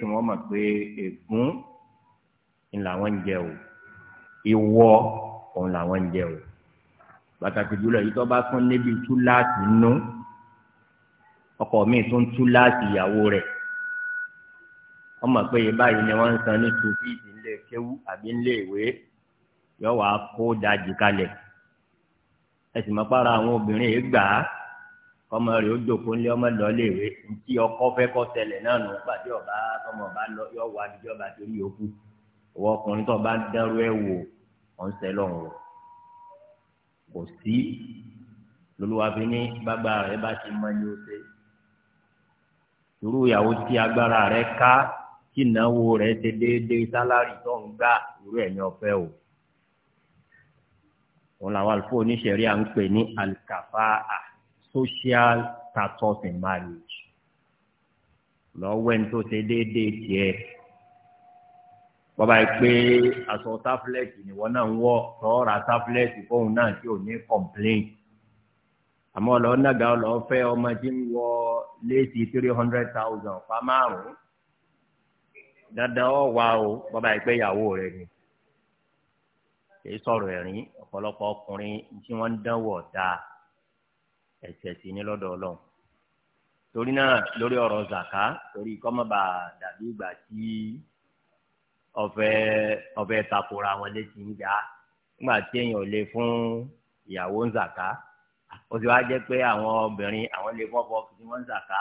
kí wọ́n mọ̀ pé ègún làwọn ń jẹ o ìwọ òun làwọn ń jẹ o pàtàkì jùlọ yìí tó bá tún níbi túláàsì nú ọkọ mi tún túláàsì ìyàwó rẹ̀ wọ́n mọ̀ pé báyìí ni wọ́n ń san ní tùfíìsì ńlẹ̀ kéwú àbí ńlẹ̀ ìwé yọ wàá kó dajì kalẹ̀ ẹ sì mọ̀ pàrọ̀ àwọn obìnrin yìí gbà kọ́mọ rẹ̀ ó dòkó ńlẹ́ ọmọ lọ́lé ìwé ntí ọkọ fẹ́ kọ́ tẹlẹ̀ náà nù pàdé ọba tọmọ ọba lọ yọ wà níjọ́ bá torí yòókù ìwọ ọkùnrin tó bá dẹrù ẹ wò ọ̀n sẹ́ lọ́hùn o kò sí lolúwàbí ní bàbá rẹ bá ti mọ ní ose irú ìyàwó tí agbára rẹ ká tí ìnáwó rẹ ṣe déédéé sálárì tó ń gbà irú ẹ̀ ní ọ̀fẹ́ o wọn làwọn àlùfáà oníṣẹ̀rí à ń pè ní alikafa ah social status in marriage lọ́wọ́ ẹni tó ṣe déédéé tiẹ̀ bọ́bá yìí pé aṣọ táfúlẹ̀tì nìwọ náà ń wọ̀ tọ́ra táfúlẹ̀tì fóun náà tí ò ní complain àmọ́ lọ nàgà lọ fẹ́ ọmọ tí ń wọ léèsì three hundred thousand pa márùn-ún dandan ọ wá o bọ́bá yìí pé ìyàwó rẹ ni kì í sọ̀rọ̀ ẹ̀rín ọ̀pọ̀lọpọ̀ ọkùnrin tí wọ́n ń dánwò dáa ẹ̀ṣẹ̀ sí ní lọ́dọ̀ Ọlọ́run torí náà lórí ọ̀rọ̀ zaka torí kọ́mọba dàbí ìgbà tí ọ̀fẹ́ ọ̀fẹ́ takora wọn létí ń dá nígbà tí èèyàn lè fún ìyàwó ń zaka ó sì wá jẹ́ pé àwọn obìnrin àwọn lè fọ́ fọ́ kí zaka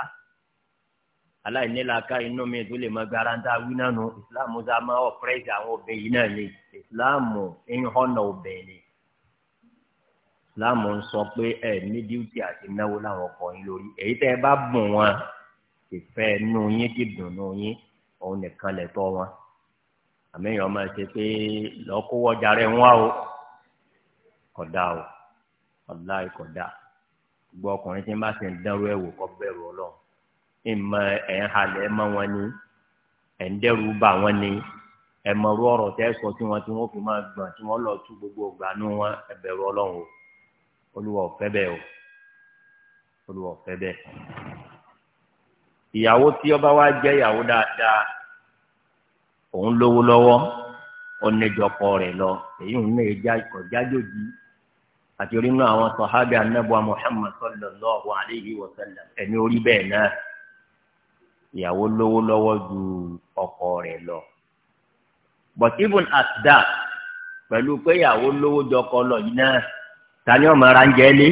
aláìníláka inú mi tó lè mọ garanta wí náà nu islam ọ̀sán máa ọ̀pẹ́rẹ́sì àwọn obìnrin náà ni islam ń hànà obìnrin láàmú ń sọ pé ẹ ní díútì àti náwó láwọn ọkọ yín lórí èyí tẹ́ ẹ bá bùn wọn ìfẹ́ inú yín dídùnnú yín òun nìkan lè tọ́ wọn àmẹ́yìn ọmọ ẹ ṣe pé lọ́kọ́wọ́jà rẹ̀ ń wá o kódà o ọ̀la ìkọ̀dá gbogbo ọkùnrin tí ń bá ti ń dánrú ẹ̀ wò kọ́ bẹ̀rù ọlọ́run ìmọ̀ ẹ̀ ń halẹ̀ mọ́ wọn ni ẹ̀ ń dẹ́rù bà wọ́n ni ẹ̀ mọ̀rú ọ̀rọ̀ tẹ́ sọ tí wọ́n tí wọ́n fi máa gbọ̀n tí wọ́n lọ tú gbogbo ìgbà nú wọn ẹ̀ bẹ̀rù ọlọ́run o olúwa ò fẹ́ bẹ́ẹ̀ o olúwa ò fẹ́ bẹ́ẹ̀ ìyàwó tí ọba wa jẹ́ ìyàwó dáadáa òun lówó lọ́wọ́ ọ̀nẹ́jọpọ̀ rẹ̀ lọ èyí ń lè já ìkọ̀jájòjì àti orínú àwọn sọ̀hábì anábọ̀ Muhammad sallallahu alayhi wa sallam ẹni orí bẹ́ẹ̀ náà ìyàwó lówó lọ́wọ́ ju ọkọ rẹ̀ lọ. but even at that pẹ̀lú pé ìyàwó lówó jọkọ lọ yìí náà tani ọmọ ara ń jẹ ẹ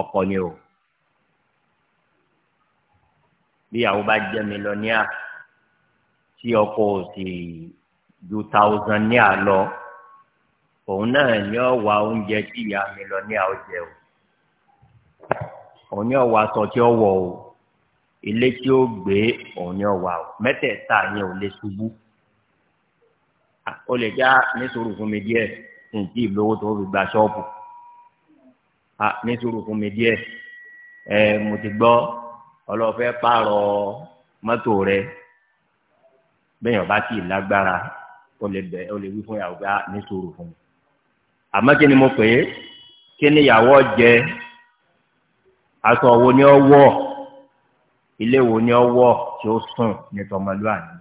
ọkọ ni o bí àwọn bá jẹ mílíọ̀nìà tí ọkọ ò sì ju thousand ní àlọ òun náà ni ọ wá oúnjẹ tí ìyá mílíọ̀nìà ó jẹ o òun ni ọ wá aṣọ tí ó wọ o ilé tí ó gbé òun ni ọ wá o mẹ́tẹ̀ẹ̀ta yẹn ò lè ṣubú o lè já nítorí fún mi díẹ̀ nǹkan ìlówó tó fi gba ṣọ́ọ̀bù a ní sùúrù fún mi díẹ̀ ẹ mo ti gbọ́ ọlọ́fẹ́ pààrọ̀ mọ́tò rẹ bẹ́ẹ̀ ọba tí lágbára o lè bẹ̀ o lè wí fún yàwó bá ní sùúrù fún mi àmọ́ kí ni mo pè é kí ni ìyàwó jẹ aṣọ wo ni ọ wọ̀ ilé wo ni ọ wọ̀ tí ó sùn ní tọmọlúwàní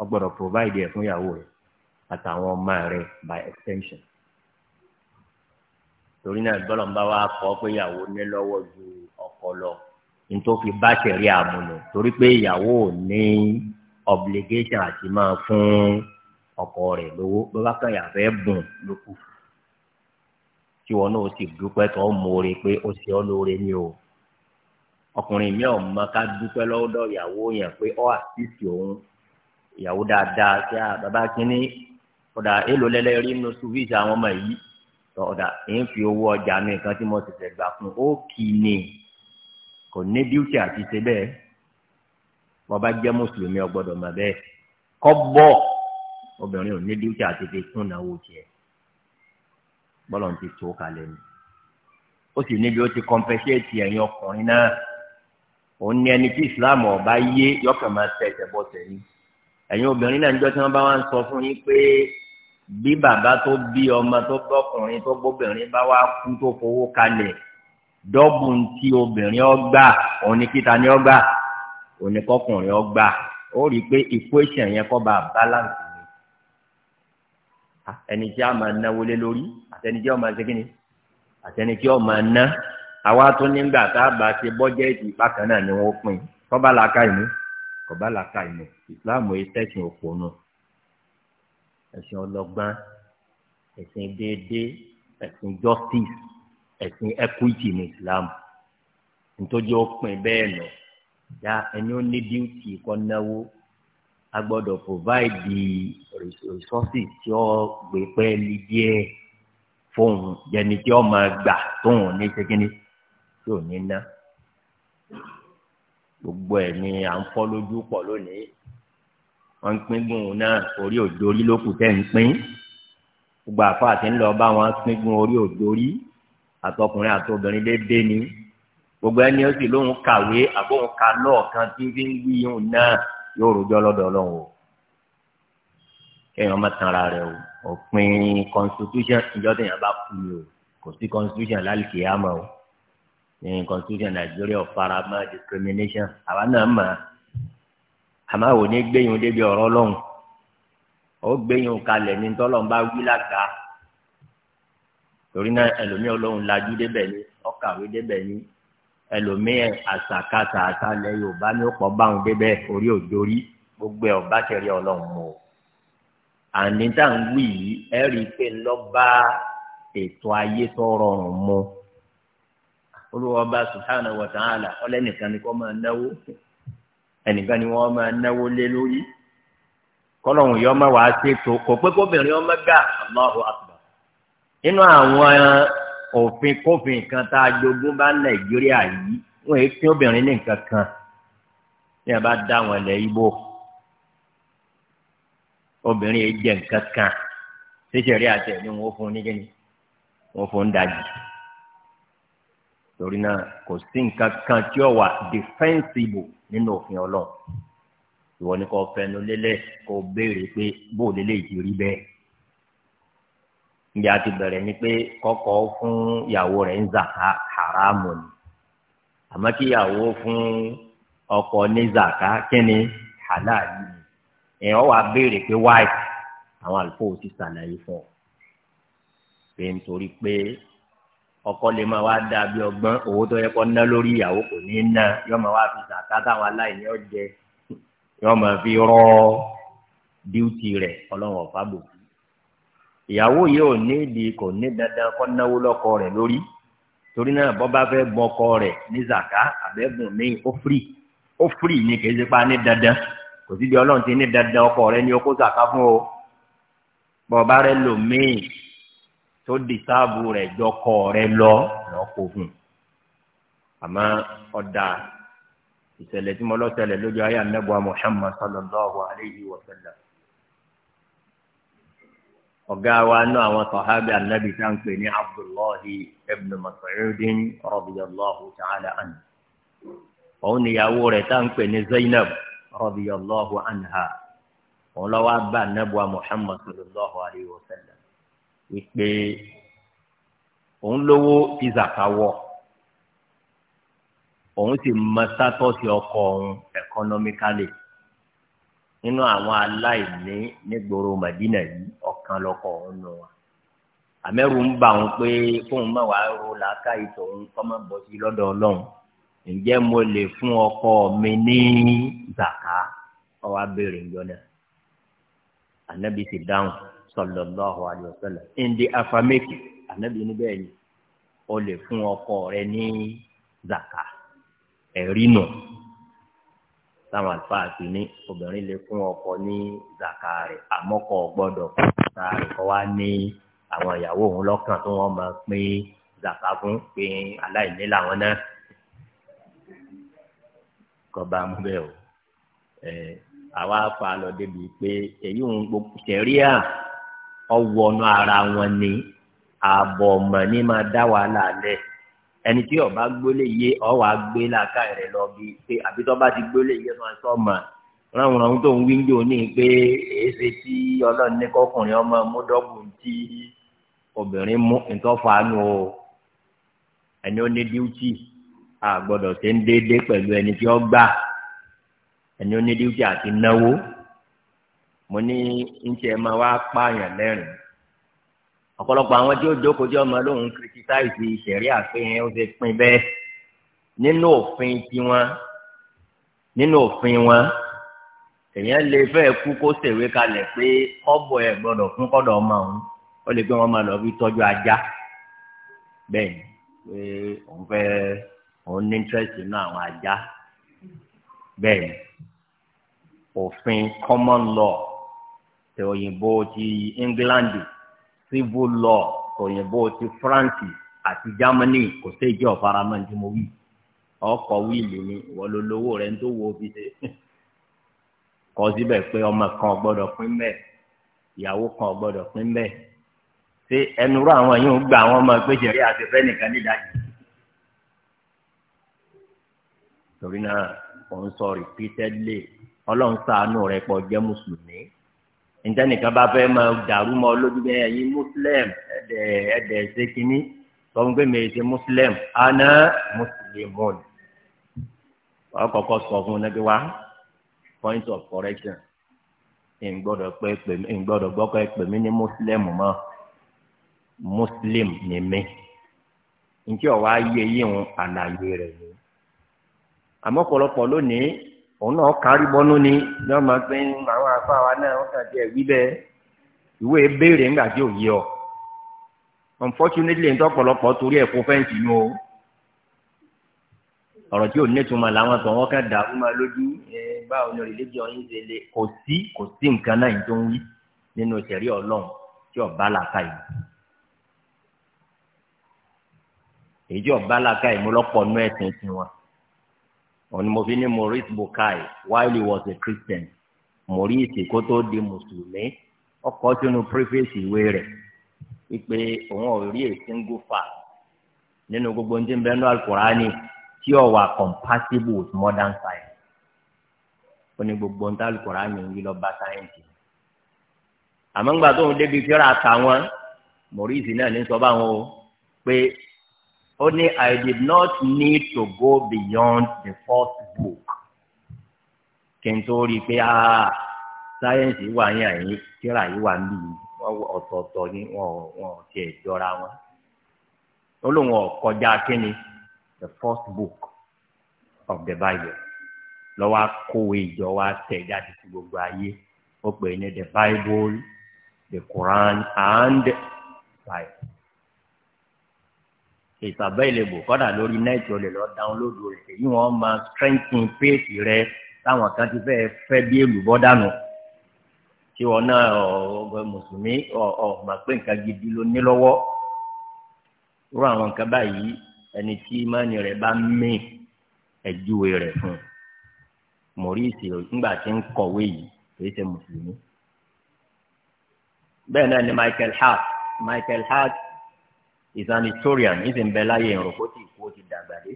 ọ gbọ́dọ̀ provide ẹ fún ìyàwó rẹ àtàwọn ọmọ rẹ by extension torí náà gbọ́dọ̀ ń bá wa kọ́ pé ìyàwó ní lọ́wọ́ ju ọkọ lọ nítorí bá ṣẹ̀rí àmúlò torí pé ìyàwó ò ní obligation àti máa fún ọkọ rẹ̀ lówó bó bá kàn yà fẹ́ bùn ló tí wọn náà sì dúpẹ́ tó ń pé ó ṣe ọ́ lóore ni o ọkùnrin mi ò mọ ká dúpẹ́ lọ́dọ̀ ìyàwó yẹn pé ọ́ àtìsí òun ìyàwó dáadáa sí bàbá kínní kódà èèlò lẹ́lẹ́rìí nínú sùfíìsì àwọn ọmọ yìí sọ̀dà èyí fi owó ọjà mi kan tí mo tẹ̀sẹ̀ gbà fún ó kì í ni kò ní díútì àti ṣe bẹ́ẹ̀ wọ́n bá jẹ́ mùsùlùmí ọgbọ́dọ̀ mà bẹ́ẹ̀ kọ́ bọ̀ obìnrin ò ní díútì àti fi tún náwó tiẹ̀ bọ́lọ̀ ti tó kalẹ̀ ni ó sì níbi ó ti kọ́ńpẹ́ṣẹ́ẹ̀tì ẹ̀yin ọkùnrin náà òun ni ẹni tí ìsìláàmù ọba yé yọkàn máa tẹ̀ ẹ̀sẹ̀ bọ́sẹ̀ yìí ẹ̀yin obìnrin náà ń tí wọ́n bá wá ń sọ fún yín pé bí bàbá tó bí ọmọ tó gbọ́kùnrin tó gbóbìnrin bá wá kú tó fowó kalẹ̀ dọ́bù ti obìnrin ọgbà òní kíta ní ọgbà òní kọkùnrin ọgbà ó rí i pé equation yẹn kọ́ bá balance ni ẹni tí a máa náwó lé lórí àtẹni tí ó máa ṣe kíni àtẹni tí ó máa ná àwa tó nígbà tá a bá ṣe bọ́jẹ́ẹ̀tì bákan náà ni wọ́n pín kọ́ bá la ka ìmú kọ́ bá la ka ìmú ìsìláàmù ẹ̀sẹ̀sìn òpó náà ẹ̀sìn ọlọ́gbọ́n ẹ̀sìn déédéé ẹ̀sìn justice ẹ̀sìn equity ní islam nítorí ó pin bẹ́ẹ̀ lọ ya ẹni ó ní díùtì kọ́ náwó a gbọ́dọ̀ provide the resources tí ó gbé pẹ́ẹ́lí díẹ̀ fóun jẹni tí ó máa gbà tóun ní ṣẹ́kínní tí ò ní ná gbogbo ẹ̀ ni à ń fọ́ lójú pọ̀ lónìí wọ́n ń pín gun òun náà orí òjòrí ló kù tẹ́ ń pín gbogbo àfa àti ńlọ bá wọn pín gun orí òjòrí àtọkùnrin àtọbìnrin dédé ni gbogbo ẹni ó sì lóun kàwé àbóun ka lọ́ọ̀kan tí fi ń wí òun náà yóò rojọ́ lọ́dọ̀ ọlọ́run o kéèyàn má tanra rẹ o òpin constitution ìjọ téèyàn bá kú ni o kò sí constitution lálùkì yá mọ́ o ní constitution Nàìjíríà ò fara mọ́ discrimination àwa náà mọ̀ àmọ́ àwọn òní gbẹ̀yìn débi ọ̀rọ̀ lọ́hùn ó gbẹ̀yìn kalẹ̀ ní tọ́lọ́n bá wí lága torí náà ẹlòmíì ọlọ́hun lajú débẹ̀ ni ọkàwé débẹ̀ ni ẹlòmíì àṣàkáṣà àṣàlẹ̀ yorùbá ní ọ̀pọ̀ báwọn débẹ̀ orí òjòrí gbogbo ẹ̀ ọ̀bá tẹ̀lé ọlọ́hun mọ́ o àní tá à ń wí yìí ẹ rí i pé lọ́ba ètò ayé tó rọrùn mọ́ olùwọ́ba subhanahu wa ta'ala ni kò máa ẹnìkan ni wọ́n máa náwó lé lórí kọ́lọ́hún yọ ọmọ wàá ṣètò kò pé kóbìnrin ọmọ gà Allahu akbar nínú àwọn òfin kófin kan tá a jogún bá Nàìjíríà yìí wọ́n èé fún obìnrin ní nǹkan kan ní a bá dá wọn lẹ̀ Ìgbò obìnrin yìí jẹ nǹkan kan ṣíṣe rí àtẹ ni wọ́n fún ní kíni fún dájú torí náà kò sí nǹkan kan tí ó wà defensible nínú òfin ọlọ́run ìwọ ni kò fẹnu lélẹ̀ kò béèrè pé bó lélẹ̀ yìí rí bẹ́ẹ̀ ìyá ti bẹ̀rẹ̀ ni pé kọ́kọ́ fún ìyàwó rẹ̀ ń zàká haramu ni àmọ́ kí ìyàwó fún ọkọ ní zàká kíni halali ni èèyàn wà béèrè pé wáì àwọn àlùfáà ti ṣàlàyé fún ọ pé nítorí pé ọkọ lè máa wá dáa bí ọgbọ́n owó tó yẹ kó ná lórí ìyàwó kò ní í ná yọ máa wá fi sàkà táwọn aláìní ọjẹ yọ máa fi rọ díùtì rẹ̀ ọlọ́run ọ̀fà bò ìyàwó yìí ò ní ìdí kò ní dandan kó náwó lọ́kọ rẹ̀ lórí torí náà bọ́ bá fẹ́ ọkọ rẹ̀ ní sàkà àbẹ́gùn ní ó firi ó firi ní kì í ṣe pa ní dandan kò sí di ọlọ́run ti ní dandan ọkọ rẹ̀ ní ó kó sàkà fún o bọ́ rẹ lò míì tó dìsáàbù rẹ̀ jọkọ rẹ̀ lọ lọ́kọ̀ fún un àmọ́ ọ̀dà ìṣẹ̀lẹ̀ tí mo lọ ṣẹlẹ̀ lójú ayé anábọ̀ Muhammad sallallahu alayhi wa sallam ọ̀gá wa nú àwọn sọ̀hábì anábì tá ń pè ní Abdullahi ibn Mas'udin radiyallahu ta'ala anhu òun níyàwó rẹ̀ tá ń pè ní Zainab radiyallahu anha òun lọ́wọ́ bá anábọ̀ Muhammad sallallahu alayhi wa sallam wípé òun lówó tí zaka wọ òun sì mọ sátọ́sì ọkọ òun economically nínú àwọn aláìní nígboro Madina yìí ọ̀kan lọkọ òun nù wọn àmẹ́rù ń bà wọn pé fóun má wàá ro làákà ìtọ̀ òun kọ́ má bọ́ sí lọ́dọ̀ Ọlọ́run ǹjẹ́ mo lè fún ọkọ mi ní zaka ó wá ìjọ náà ànábi sì dáhùn sallallahu alayhi wa sallam in the affirmative anabi níbẹ̀ ni o lè fún ọkọ rẹ ní zaka ẹ̀rí nù táwọn àlùfáà ti ní obìnrin lè fún ọkọ ní zaka rẹ àmọ́kọ gbọ́dọ̀ kó zaka rẹ kọ́ wá ní àwọn ìyàwó òun lọ́kàn tó wọ́n máa pín zaka fún pé aláìní làwọn náà kọba ń o ẹ àwa fa lọ débi pé èyí ń gbogbo sẹríà ọwọ́nú ara wọn ni ààbọ̀ ọmọ ní máa dá wàhálà lẹ̀ ẹni tí ọba gbólé yé ọwà gbé làákà rẹ lọ bí pé àbí tó bá ti gbólé yé máa sọ ọmọ ráhùn ráhùn tó ń wíńdò ní pé èéṣe tí ọlọ́run ní kọkùnrin ọmọ múdọ́gù tí obìnrin mú ìtọ́fàánù o ẹni ó ní díútì àgbọ̀dọ̀ ṣe ń déédéé pẹ̀lú ẹni tí ó gbà ẹni ó ní díútì àti náwó mo ní ntí ẹ máa wá pààyàn lẹ́rìn ọ̀pọ̀lọpọ̀ àwọn tí ó jókòó tí ọmọ lòun kìrìtìsáìsì ìṣẹ̀rí àfihàn ó ti pin bẹ́ẹ̀ nínú òfin tiwọn nínú òfin wọn èèyàn lè fẹ́ kú kó ṣèwé kalẹ̀ pé kọ́bọ̀ ẹ̀ gbọ́dọ̀ fún kọ́dọ̀ ọmọ òun ó lè pé wọ́n máa lọ fi tọ́jú ajá bẹ́ẹ̀ pé òun fẹ́ òun ní interest nínú àwọn ajá bẹ́ẹ̀ òfin common law tòyìnbó ti England civil law tòyìnbó ti France àti Germany kò séjì ọ̀faramọ́ tí mo wí ọkọ̀ wíìlì ni wọ́n ló lówó rẹ̀ ń tó wo fi ṣe kọ síbẹ̀ pé ọmọ kan gbọ́dọ̀ pín bẹ́ẹ̀ ìyàwó kan gbọ́dọ̀ pín bẹ́ẹ̀ ṣé ẹnu rú àwọn yìí ń gba àwọn ọmọ ìgbésẹ̀ rí àtẹ̀fẹ́ nìkan nídàájú. torí náà òun sọ repeatedly ọlọ́run ṣàánú rẹ̀ pọ̀ jẹ́ mùsùlùmí njẹ́ nìkan bá fẹ́ máa dàrú mọ́ lójú bẹ́ẹ̀ yín muslim ẹ̀dẹ̀ ẹ̀dẹ̀ ṣe kínní sọ fún pé mi ṣe muslim ana muslimun ọkọ̀ọ̀kọ̀ sọ fún un wa point of correction ngbọ́dọ̀ pé pè mí ngbọ́dọ̀ gbọ́ pé pè mí ní muslim mọ́ muslim ni mí njẹ́ ọ̀wá ayé yíyún àlàyé rẹ̀ ni àmọ́ ọ̀pọ̀lọpọ̀ lónìí òun náà kárí bọ́nú ni ní ọmọ pé àwọn afá wa náà wọ́n kàn tiẹ̀ wí bẹ́ẹ̀ ìwé béèrè ńgbà tí ò yí ọ unfortunately ń tọ́pọ̀lọpọ̀ torí ẹ̀kọ́ fẹ́ǹsì yìí o ọ̀rọ̀ tí ò nítumọ̀ làwọn tó wọ́n kàn dà fún ma lójú báwo ni religion yín ṣe lè kò sí kò sí nǹkan náà tó ń wí nínú ìṣẹ̀rí ọlọ́run tí ọba làkà yìí èyí tí ọba làkà yìí mo lọ́pọ̀ nú ẹ̀sìn tiwọn òun ni mo fi ní Maurice Bukai while he was a Christian Maurice kó tó di mùsùlùmí ọkọ̀ sínú preface ìwé rẹ̀ wípé òun ò rí a single fact nínú gbogbo ní ti ń alukurani tí ó wà compatible with modern science ó ní gbogbo ní alukurani ń yí lọ bá sáyẹ́ǹsì àmọ́ ńgbà tó ń débi fẹ́ràn àtàwọn Maurice náà ní sọ báwọn o pé Only i did not need to go beyond the first book kí n tó rí i pé ah, sáyẹ́ǹsì wà ní àyè tíra yìí wà níbí ọ̀tọ̀ọ̀tọ̀ ni wọn ò tiẹ̀ jọra wọn ó lóun ọ̀kọjá the first book of the Bible lọ́wọ́ akówó ìjọ wa tẹ̀ jáde sí gbogbo ayé ó pè ní the Bible the Quran and Bible is available kọ́dà lórí nẹ́ẹ̀tì o lè lọ download rẹ̀ èyí wọ́n máa strengthen page rẹ táwọn kan ti fẹ́ fẹ́ bí èlùbọ́ dànù tí wọn náà ọgbẹ mùsùlùmí ọgbà pé nǹkan gidi ló ní lọ́wọ́ rú àwọn nǹkan báyìí ẹni tí ìmánì rẹ̀ bá mí ẹ̀júwe rẹ̀ fún mọ̀ríìsì ńgbà tí ń kọ̀wé yìí kì í ṣe mùsùlùmí. bẹ́ẹ̀ náà ni Michael Hart Michael Hart is an historian ní ti ń bẹ láyé ìrùkó tí ìkó ti dàgbà dé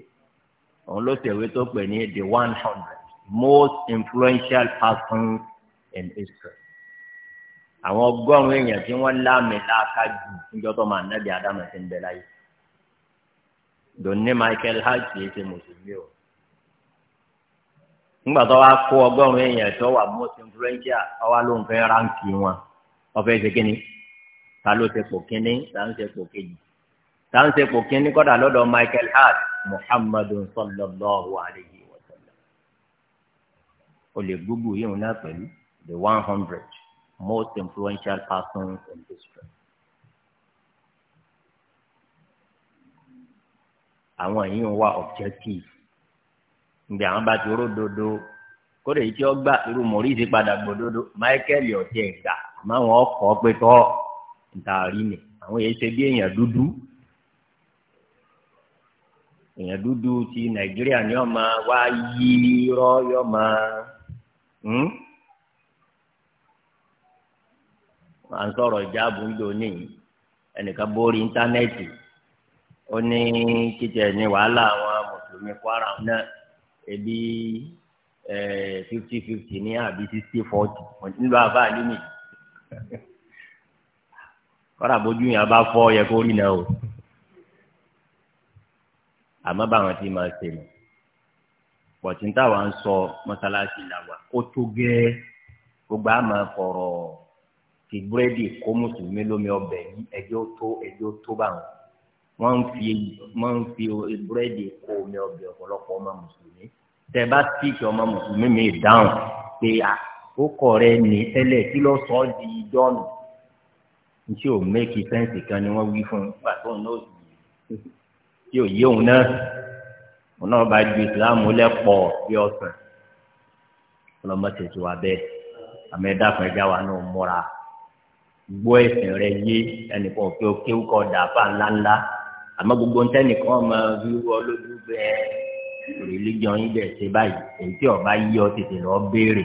òun ló tẹ̀wé tó pè ní the one hundred most influential person in history àwọn ọgọ́rùn-ún èèyàn tí wọ́n láàmì láàka jù níjọ́ tó máa nábì ádámù ti ń bẹ láyé Michael hart yìí ṣe mùsùlùmí o nígbà tó wá kó ọgọ́rùn èèyàn tó wà most influential ọwá ló ń fẹ́ ráǹkì wọn ọ̀fẹ́ ṣe kínní ta ló ṣe pò kínní ta ló ṣe pò kejì táǹsì kò kí ní kọ́dà lọ́dọ̀ Michael Hart Muhammadun sallallahu alayhi wa sallam o lè gbogbo yìí wọn náà pẹ̀lú the one hundred most influential persons in history. àwọn yìí ń wá objective ǹbẹ àwọn bá ti ródodo kódà èyí tí ó gbà irú mọ̀rísì padà gbòdodo Michael ọ̀tí ẹ̀gbà àmọ́ àwọn ọkọ̀ pẹ̀tọ́ ntàrí ni àwọn yẹn ṣe bí èèyàn dúdú èèyàn dúdú ti nàìjíríà ni ọmọ wa yí rọ yọmọ hmm? à ń sọ̀rọ̀ ìjáàbù ń ní ẹnìkan borí íńtánẹ́ẹ̀tì ó ní títẹ̀ ní wàhálà àwọn mùsùlùmí kwara náà ebi fifty fifty ní àbí sixty forty nílò àbá àlímì kọ́ra bójú yẹn a bá fọ́ yẹ o. àmọ́ báwọn ti máa ṣe nù pọ̀tí táwa ń sọ mọ́sálásí làwà ó tó gẹ́ gbogbo àmọ́ fọ̀rọ̀ ti búrẹ́dì kó mùsùlùmí lómi ọbẹ̀ yìí ẹjọ́ tó ẹjọ́ tó báwọn wọ́n ń fi wọ́n ń fi búrẹ́dì kó omi ọbẹ̀ ọ̀pọ̀lọpọ̀ ọmọ mùsùlùmí tẹ bá tíìkì ọmọ mùsùlùmí mi dáhùn pé ó kọ̀ rẹ ní tẹ́lẹ̀ kí ló sọ ọ́ di dọ́ọ̀nù ní tí ò mẹ́kì sẹ́ǹsì kan ni wọ́n wí fún un pàtó náà tí ò yé òun náà òun náà bá ju ìsìláàmù lẹ́pọ̀ bí ọ̀sán ọlọ́mọ tètè wà bẹ́ẹ̀ àmì ẹ̀dá kan ẹ̀dá wa náà múra gbọ́ ẹ̀sìn rẹ yé ẹnìkan òkè òkè kọ́ dàáfà ńláńlá àmọ́ gbogbo ń tẹ́nìkan ọmọ wíwú ọlójú bẹ́ẹ̀ rìlíjọ yín bẹ̀ ṣe báyìí èyí tí ọba yí ọ tètè lọ béèrè.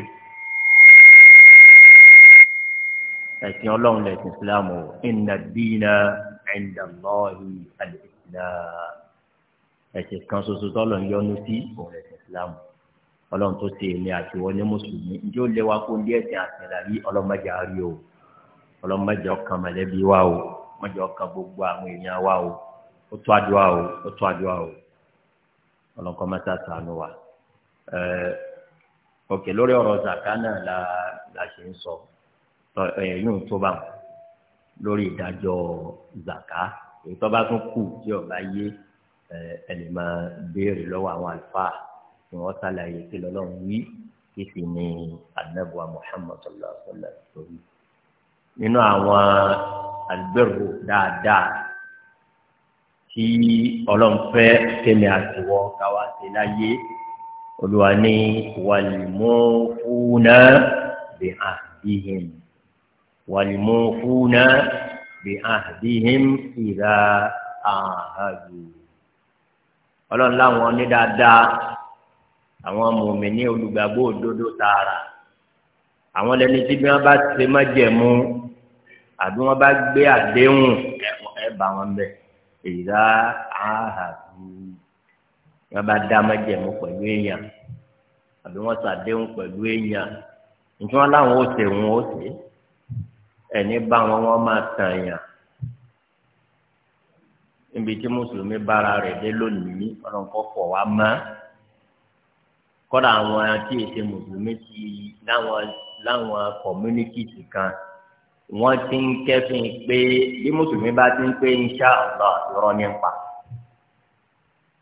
ẹ̀sìn ọlọ́run lẹ̀sìn islámù inna ad-dina 'inda náà ẹ̀sìn kan ṣoṣo tọ́lọ̀ ń yọnu sí òun ẹ̀sìn islam ọlọ́run tó ṣe èmi àti wọn ní mùsùlùmí njẹ́ ó léwa kó ní ẹ̀sìn àtẹ̀lá rí ọlọ́mọdé àárí o ọlọ́mọdé ọkàn mọ̀lẹ́bí wa o ọmọdé ọkàn gbogbo àwọn èèyàn wa o ó tó àdúrà o ó tó àdúrà o ọlọ́kọ́ mẹ́ta sànù wa òkè lórí ọ̀rọ̀ zaka náà la la ṣe ń sọ ẹ̀yìn tó bá lórí ìdájọ́ zaka ètò ọba tún kù tí ọba yé ẹ lè máa béèrè lọ́wọ́ àwọn àlùfáà tí wọ́n sàlàyé kí lọ́lọ́run wí kí sì ni anabuwa muhammad sallallahu alaihi wa sallam sori nínú àwọn albẹ́rù dáadáa tí ọlọ́run fẹ́ kémi àtiwọ́ káwá sí láyé olùwà ní wàlímọ́fúnà bí àdìhìn wàlímọ́fúnà bí ahdihim ìlà àhàjù ọlọ́run láwọn onídàádáa àwọn mòmìnì olùgbàgbọ́ òdodo tààrà àwọn lẹni tí bí wọn bá ṣe májẹ̀mú àbí wọn bá gbé àdéhùn ẹ bá wọn bẹ ìlà àhàjù wọn bá dá májẹ̀mú pẹ̀lú èèyàn àbí wọn ṣàdéhùn pẹ̀lú èèyàn nítorí láwọn ó ṣe wọn ó ṣe é ẹni bá wọn wọn máa tàn yàn níbi tí mùsùlùmí bára rẹ̀ dé lónìí ọlọ́nkọ́ fọ̀ wá mọ́ kọ́dà àwọn tí èsè mùsùlùmí ti láwọn láwọn communities kan wọ́n ti ń kẹ́fìn pé bí mùsùlùmí bá ti ń pé insha Allah irọ́ ní pa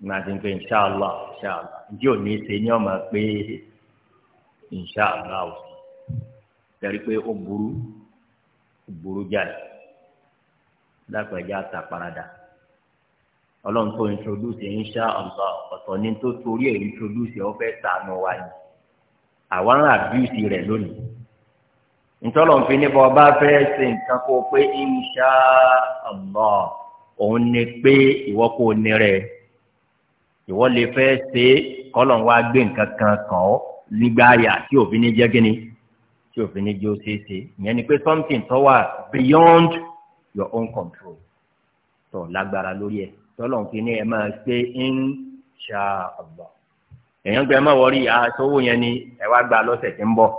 ní àti pé insha Allah insha Allah ìdí òní ṣe ní ọmọ pé insha Allah ò sí tẹ̀rí pé ó burú burú jáde dápẹ́jà tàparadà ọlọ́run tó introduce insha Allah ọ̀tọ̀ ni tó torí ẹ̀ introduce ọ fẹ́ sànù wa ni àwa ń abuse rẹ̀ lónìí ntọ́lọ́n fi nípa ọba fẹ́ ṣe nǹkan kó pé insha Allah òun ni pé ìwọ kò ní rẹ̀ ìwọ lè fẹ́ ṣe kọ́lọ́n wá gbé nǹkan kan kàn ọ́ nígbà àyà tí òfin ní jẹ́ kínní tí òfin ní jẹ́ ó ṣeé ṣe ìyẹn ni pé something tó wà beyond your own control tó lágbára lórí ẹ̀ tọ́lọ̀ ń fi ní ẹ máa ṣe insha Allah èèyàn gbé ẹ má wọrí aṣọwó ah, yẹn ni ẹ wá gba lọ́sẹ̀ tí ń bọ̀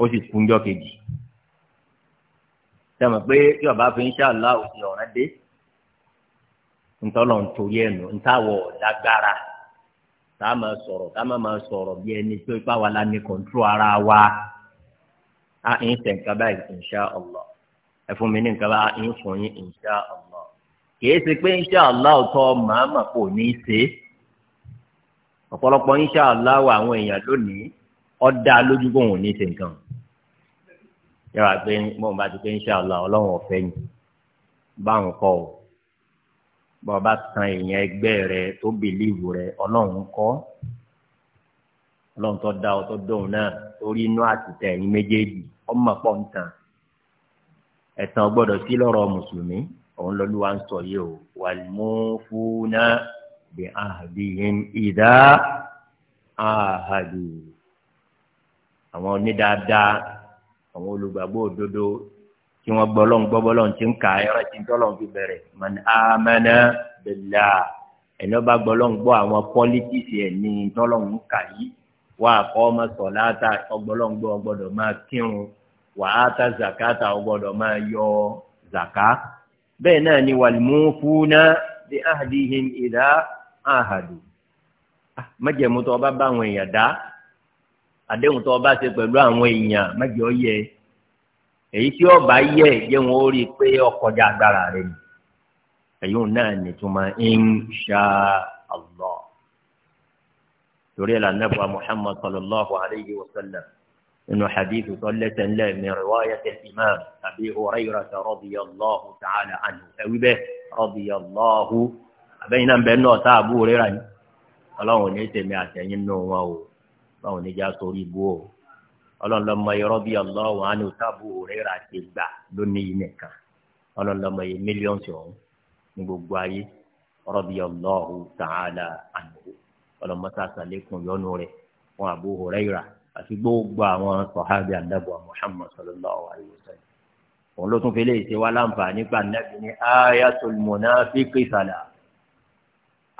ó sì kúnjọ́ kejì sẹ́mi pé kí ọba fi insha Allah òsì ọ̀rẹ́ dé ntọ́lọ̀ ń torí ẹ̀ nù ntáwọ̀ lágbára tá a máa sọ̀rọ̀ tá a máa sọ̀rọ̀ bí ẹni tó ipá wa la ní kọ̀ǹtró ara wa a ń ṣe nǹkan báyìí insha allah ẹ fún mi ní nǹkan bá ń fún yín insha allah kìí ṣe pé insha allah ọ̀tọ̀ màmá kò ní í ṣe ọ̀pọ̀lọpọ̀ insha allah wà àwọn èèyàn lónìí ọ̀dà lójú kò wọ́n ní í ṣe nǹkan yàrá pé mo bá ti pé insha allah ọlọ́run ọ̀fẹ́ yìí báwọn kọ́ ọ bọ́ọ̀ bá tan èèyàn ẹgbẹ́ rẹ tó bìlíìvù rẹ ọlọ́run kọ́ ọ ọlọ́run tó dá ọ tó dóun náà torí inú àtìtẹ̀ ẹ̀yin méjèèjì ọmọ pọ̀ ń tàn ẹ̀tàn gbọ́dọ̀ sí lọ́rọ̀ mùsùlùmí òun lọ́lú wa ń sọ yìí o wàlmúfúnà bí ahadihim ìdá ahadu àwọn onídàádáa àwọn olùgbàgbọ́ òdodo tí wọ́n gbọ́ lọ́n gbọ́ bọ́lọ́n ti ń kà á yọrọ tí ń tọ́lọ́n fi bẹ̀rẹ̀ man amana billah ẹ̀ni ọba gbọ́ lọ́n gbọ́ àwọn pọ́lítíìsì ẹ̀ ní tọ́lọ́n ń kà yìí. wà á kọ́ ọmọ sọ̀láta ọgbọ́lọ́ngbọ́ ọgbọ́dọ̀ máa kírun wà á ta zakata ọgbọ́dọ̀ máa yọ zaka bẹ́ẹ̀ náà ni wàlmúfúnà bí ahadihim ìdá ahadu ah, májẹ̀mú tó bá bá àwọn èèyàn dá àdéhùn tó bá ṣe pẹ̀lú àwọn èèyàn ọ yẹ èyí tí ọba yẹ jẹ́ wọn ó rí i pé agbára insha torí ẹ̀ lànàbọ̀ muhammad sallallahu alayhi wa sallam nínú hadith sọlẹ́tẹ̀ ńlẹ̀ min riwayat al-imam abi hurayrah radiyallahu ta'ala anhu ẹ̀wí bẹ́ẹ̀ radiyallahu abẹ́yìn náà bẹ́ẹ̀ náà sáà bú rírà ni ọlọ́run ní tèmi àtẹ̀yìn nù wọn o ọlọ́run ní já sórí ibú o ọlọ́run lọ́mọ radiyallahu anhu sáàbù rírà ti gbà lónìí nìkan ọlọ́run lọ́mọ yìí mílíọ̀nù ọ̀hún ní gbogbo ayé radiyallahu ta'ala anhu ọlọmọta sàlékún yọnu rẹ̀ fún Abu Huraira àti gbogbo àwọn sọhábì àdàbọ Muhammad sallallahu alayhi wa sallam òun ló tún fi lè ṣe wá láǹfààní gba nàbì ní ayatul munafiki sàlà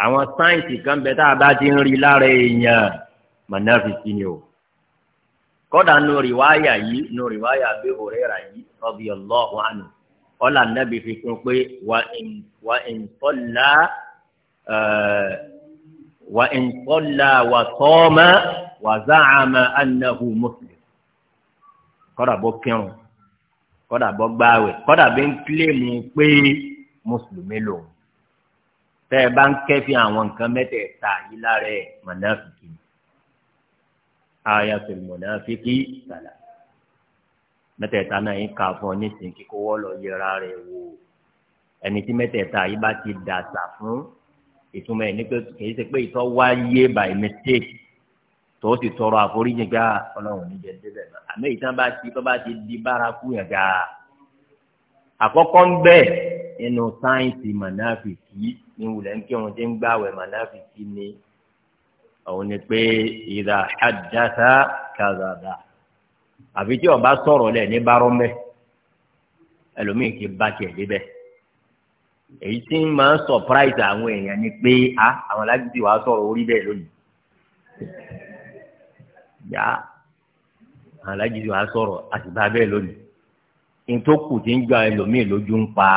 àwọn sáyẹnsì kan bẹ tá a bá ti ń rí lára èèyàn mọnàfíkì ni o kódà nù rìwáyà yìí nù rìwáyà Abu Huraira yìí radiyallahu anhu ọlà nàbì fi kún pé wà ń tọ́lá wa in salla wa soma wa za'ama annahu muslim kódà bó kírun kódà bó gbààwẹ̀ kódà bí ń kílèmù pé mùsùlùmí lòun tẹ́ ẹ bá ń kẹ́fì àwọn nǹkan mẹ́tẹ̀ẹ̀ta yìí lára ẹ̀ mọ̀nàfìkì ayatul mọ̀nàfìkì sàlà mẹ́tẹ̀ẹ̀ta náà yín kà fún ọ nísìnyí kíkó wọ́ lọ yẹra rẹ̀ wò ẹni tí mẹ́tẹ̀ẹ̀ta yìí bá ti dàsà fún ìtumọ̀ ẹ̀ ní pé kì í ṣe pé ìtọ́ wáyé by mistake tó ti tọrọ àforíjì gbá ah, ọlọ́run níjẹ débẹ̀ náà àmì ìtàn bá ti tó bá ti di bárakú yẹn gà á àkọ́kọ́ ń bẹ̀ nínú sáyẹ́ǹsì mànáfìkì ní wùlẹ̀ ń kírun tí ń gbàwẹ̀ mànáfìkì ni òun ni pé ìdá àdáta kàzàdà àfi tí ó sọ̀rọ̀ lẹ̀ ní bárọ́mẹ́ ẹlòmíì kì í bá tiẹ̀ débẹ̀ èyí tí ń máa ń surprise àwọn èèyàn ni pé a ah, àwọn alágídí wàá sọ̀rọ̀ orí bẹ́ẹ̀ lónìí yá àwọn alágídí wàá sọ̀rọ̀ àtìgbà bẹ́ẹ̀ lónìí ntókù tí ń jọ ẹlòmíì lójú ń pa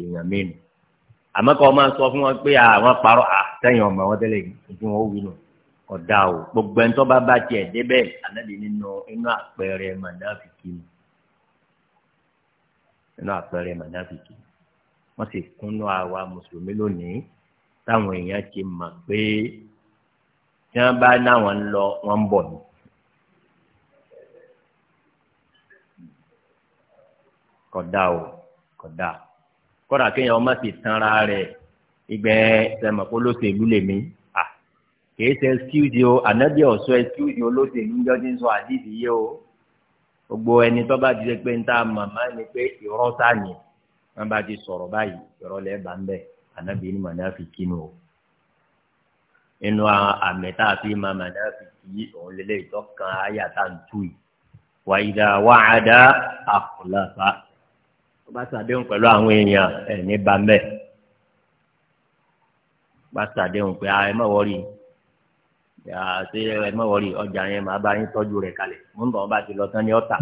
èèyàn mẹ́nu àmọ́ kọ́ máa sọ fún wọn pé àwọn ah, parọ́ àtẹ̀yìn ah, ọmọ wọn tẹ́lẹ̀ ìdí wọn ó wí nù ọ̀dà o gbogbo ẹni tó bá bá tiẹ̀ débẹ̀ ànábì nínú inú àpẹẹrẹ mọ̀nàfìkì inú àpẹẹrẹ mọ̀nàfìkì ni wọ́n sì kúnnú àwa mùsùlùmí lónìí táwọn èèyàn ti mọ̀ pé tí wọ́n bá náwọn lọ wọ́n ń bọ̀ ni. kódà o kódà kódà kéèyàn ọmọ sì tanra rẹ̀ ìgbẹ́ sẹ́mọ̀kó lóṣèlú lèmi kìí ṣe excuse o ànábì ọ̀sọ́ excuse olóṣèlú jọ́jú sọ àdìsí yìí o gbogbo ẹni tó bá ti ṣe pé ń ta màmá ni pé ìrọ́sà ni wọn bá ti sọ̀rọ̀ báyìí ìrọ̀lẹ́ bá ń bẹ̀ ànábì ní mọ̀nàfíkì nù o inú àmì tá a fi ma mọ̀nàfíkì òun lélẹ̀ ìtọ́kàn àyà tá n tù yìí wà ìdá wàhádà àkùlàfà tó bá ṣàdéhùn pẹ̀lú àwọn èèyàn ẹ̀ ní bá ń bẹ̀ bá ṣàdéhùn pé ẹ má wọrí ẹ má wọrí ọjà yẹn màá bá yín tọ́jú rẹ̀ kalẹ̀ mú bọ̀ wọn bá ti lọ tán ní ọ̀tà.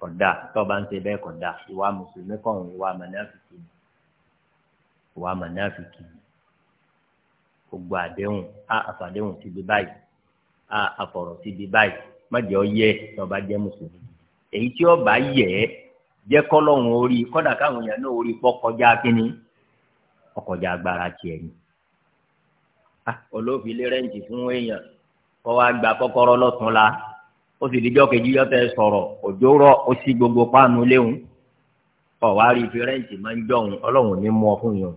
kódà tọba ń ṣe bẹ́ẹ̀ ìwà mùsùlùmí kọrùn ìwà mọnàfìkì ìwà gbogbo àdéhùn a àfàdéhùn di báyìí a àfọ̀rọ̀ báyìí májẹ ọ yẹ tọba jẹ mùsùlùmí èyí tí ọba yẹ jẹ kọlọrun orí káwọn èèyàn náà orí kọjá kínní ọkọjá agbára ah, fún èèyàn wá gba kọ́kọ́rọ́ ó sì dijọ́ kejì yọ́tẹ̀ sọ̀rọ̀ òjò rọ̀ ó sì gbogbo páànù léwu ọ̀wá rí fẹ́rẹ́ǹtì máa ń jọ̀hún ọlọ́run ní mú ọ fún yòó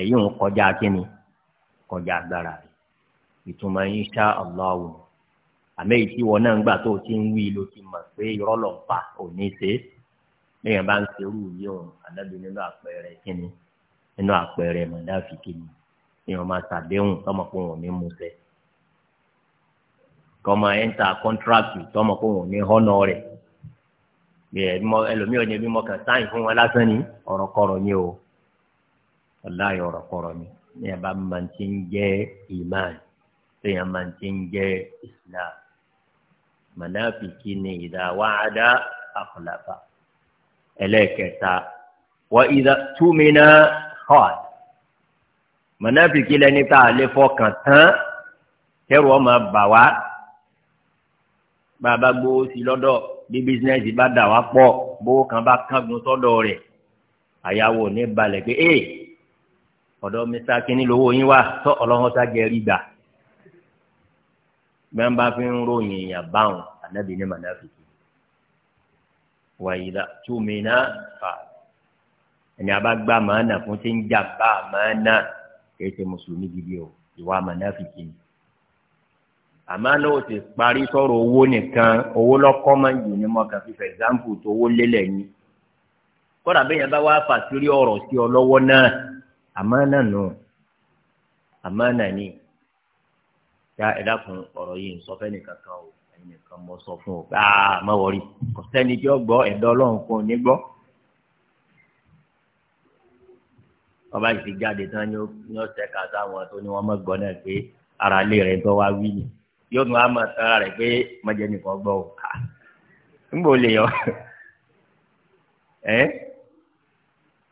èyí ń kọjá kíni kọjá agbára rẹ̀ ìtumọ̀ insha Allah àmì èyí tí wọn náà ń gbà tó ti ń wí ló ti mọ̀ pé irọ́ lọ ń pa òní ṣe é lẹ́yìn bá ń serú yìí òun ànábi nínú àpẹẹrẹ kíni nínú àpẹẹrẹ mọ̀dáfi kíni èèyàn máa ṣàdéhùn tọmọkùnrin òní mú kọ́mọ ẹ̀ńtà kọ́ńtrákì tọ́mọ kó wọn ní họ́nà rẹ̀ ẹlòmíràn ni bí mo kàn sáyìn fún wọn lásán ni ọ̀rọ̀kọ̀rọ̀ ni o ọláyọ ọ̀rọ̀kọ̀rọ̀ ni ní ẹ bá máa ti ń jẹ́ iman téèyàn máa ti ń jẹ́ islam mọ̀nàfìkì ni ìdá wàhádà àkọlàfà ẹlẹ́ẹ̀kẹta ìdá túmínà hàn mọ̀nàfìkì lẹni tá a lè fọkàn tán kẹrù ọmọ bà bàbá gbowó sí lọ́dọ̀ bí bísínẹ́sì bá dà wá pọ̀ bówó kan bá kángun sọ́dọ̀ rẹ̀ àyàwó ní balẹ̀ pé ee ọ̀dọ̀ mr kínní lówó yín wà tọ́ ọlọ́run sájẹ́ rí gbà bí wọ́n bá fi ń ròyìn èèyàn báwọn ànábì ní mànáfíkì wàyíra túmínà fà ẹni a bá gbà màánà fún ti ń jà bá màánà kì í mùsùlùmí gidi o ìwà mànáfíkì ni àmọ́ náà ó ti parí sọ̀rọ̀ owó nìkan owó lọ́kọ́ máa ń jù ní mọ́ fífẹ́ ẹ̀sáǹpù tó owó lélẹ̀ yín kódà bẹ́ẹ̀ yẹn bá wá fàṣírí ọ̀rọ̀ sí ọ lọ́wọ́ náà àmọ́ náà nù àmọ́ náà ní ya ẹ dákun ọ̀rọ̀ yìí ń sọ fẹ́ nìkan kan o ẹ̀yin nìkan mọ sọ fún o gbàá ah, má wọrí kò sẹ́ni tí ó gbọ́ ẹ̀dọ́ ọlọ́run kò ní gbọ́. ọba yìí tán ni ó ṣẹ̀ka sáwọn tó ní wọ́n mọ̀ gbọ́ náà pé ara lè rẹ̀ ń wá wí ni. yóò nu àmọ́ tara rẹ̀ pé mọ̀jẹ̀ nìkan gbọ́ o nbọ lè yọ ẹ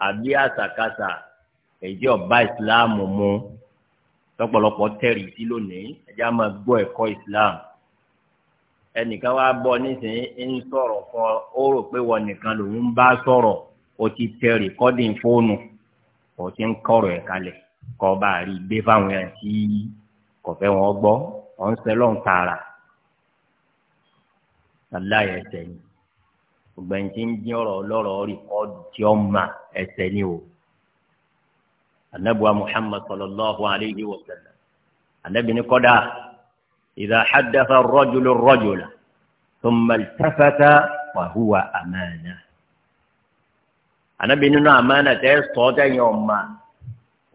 àbí èyí ọba islam mu lọ́pọ̀lọpọ̀ tẹ̀rì sí lónìí ẹjẹ́ a máa gbọ́ ẹ̀kọ́ ìsìláàmù ẹnìkan wá bọ́ nísìnyí ń sọ̀rọ̀ fún ó rò pé wọ́n nìkan ń o ti tẹ rìkọ́dìn fóònù o ti ń ẹ̀ kalẹ̀ kọ́ bá rí gbé fáwọn yẹn ọ̀ ń sẹ́lọ̀ ń tààrà aláyẹ̀ ẹsẹ̀ ni gbogbo ẹni tí ń dín ọ̀rọ̀ ọlọ́rọ̀ rí kọ́ di ọmọ ẹsẹ̀ ni o anabuwa muhammad sallallahu alayhi wa sallam anabi ni kọ́dà idha haddatha ar-rajulu ar-rajula thumma iltafata anabi nínú amánà tẹ́ sọ́ọ́ tẹ́yìn ọ̀ma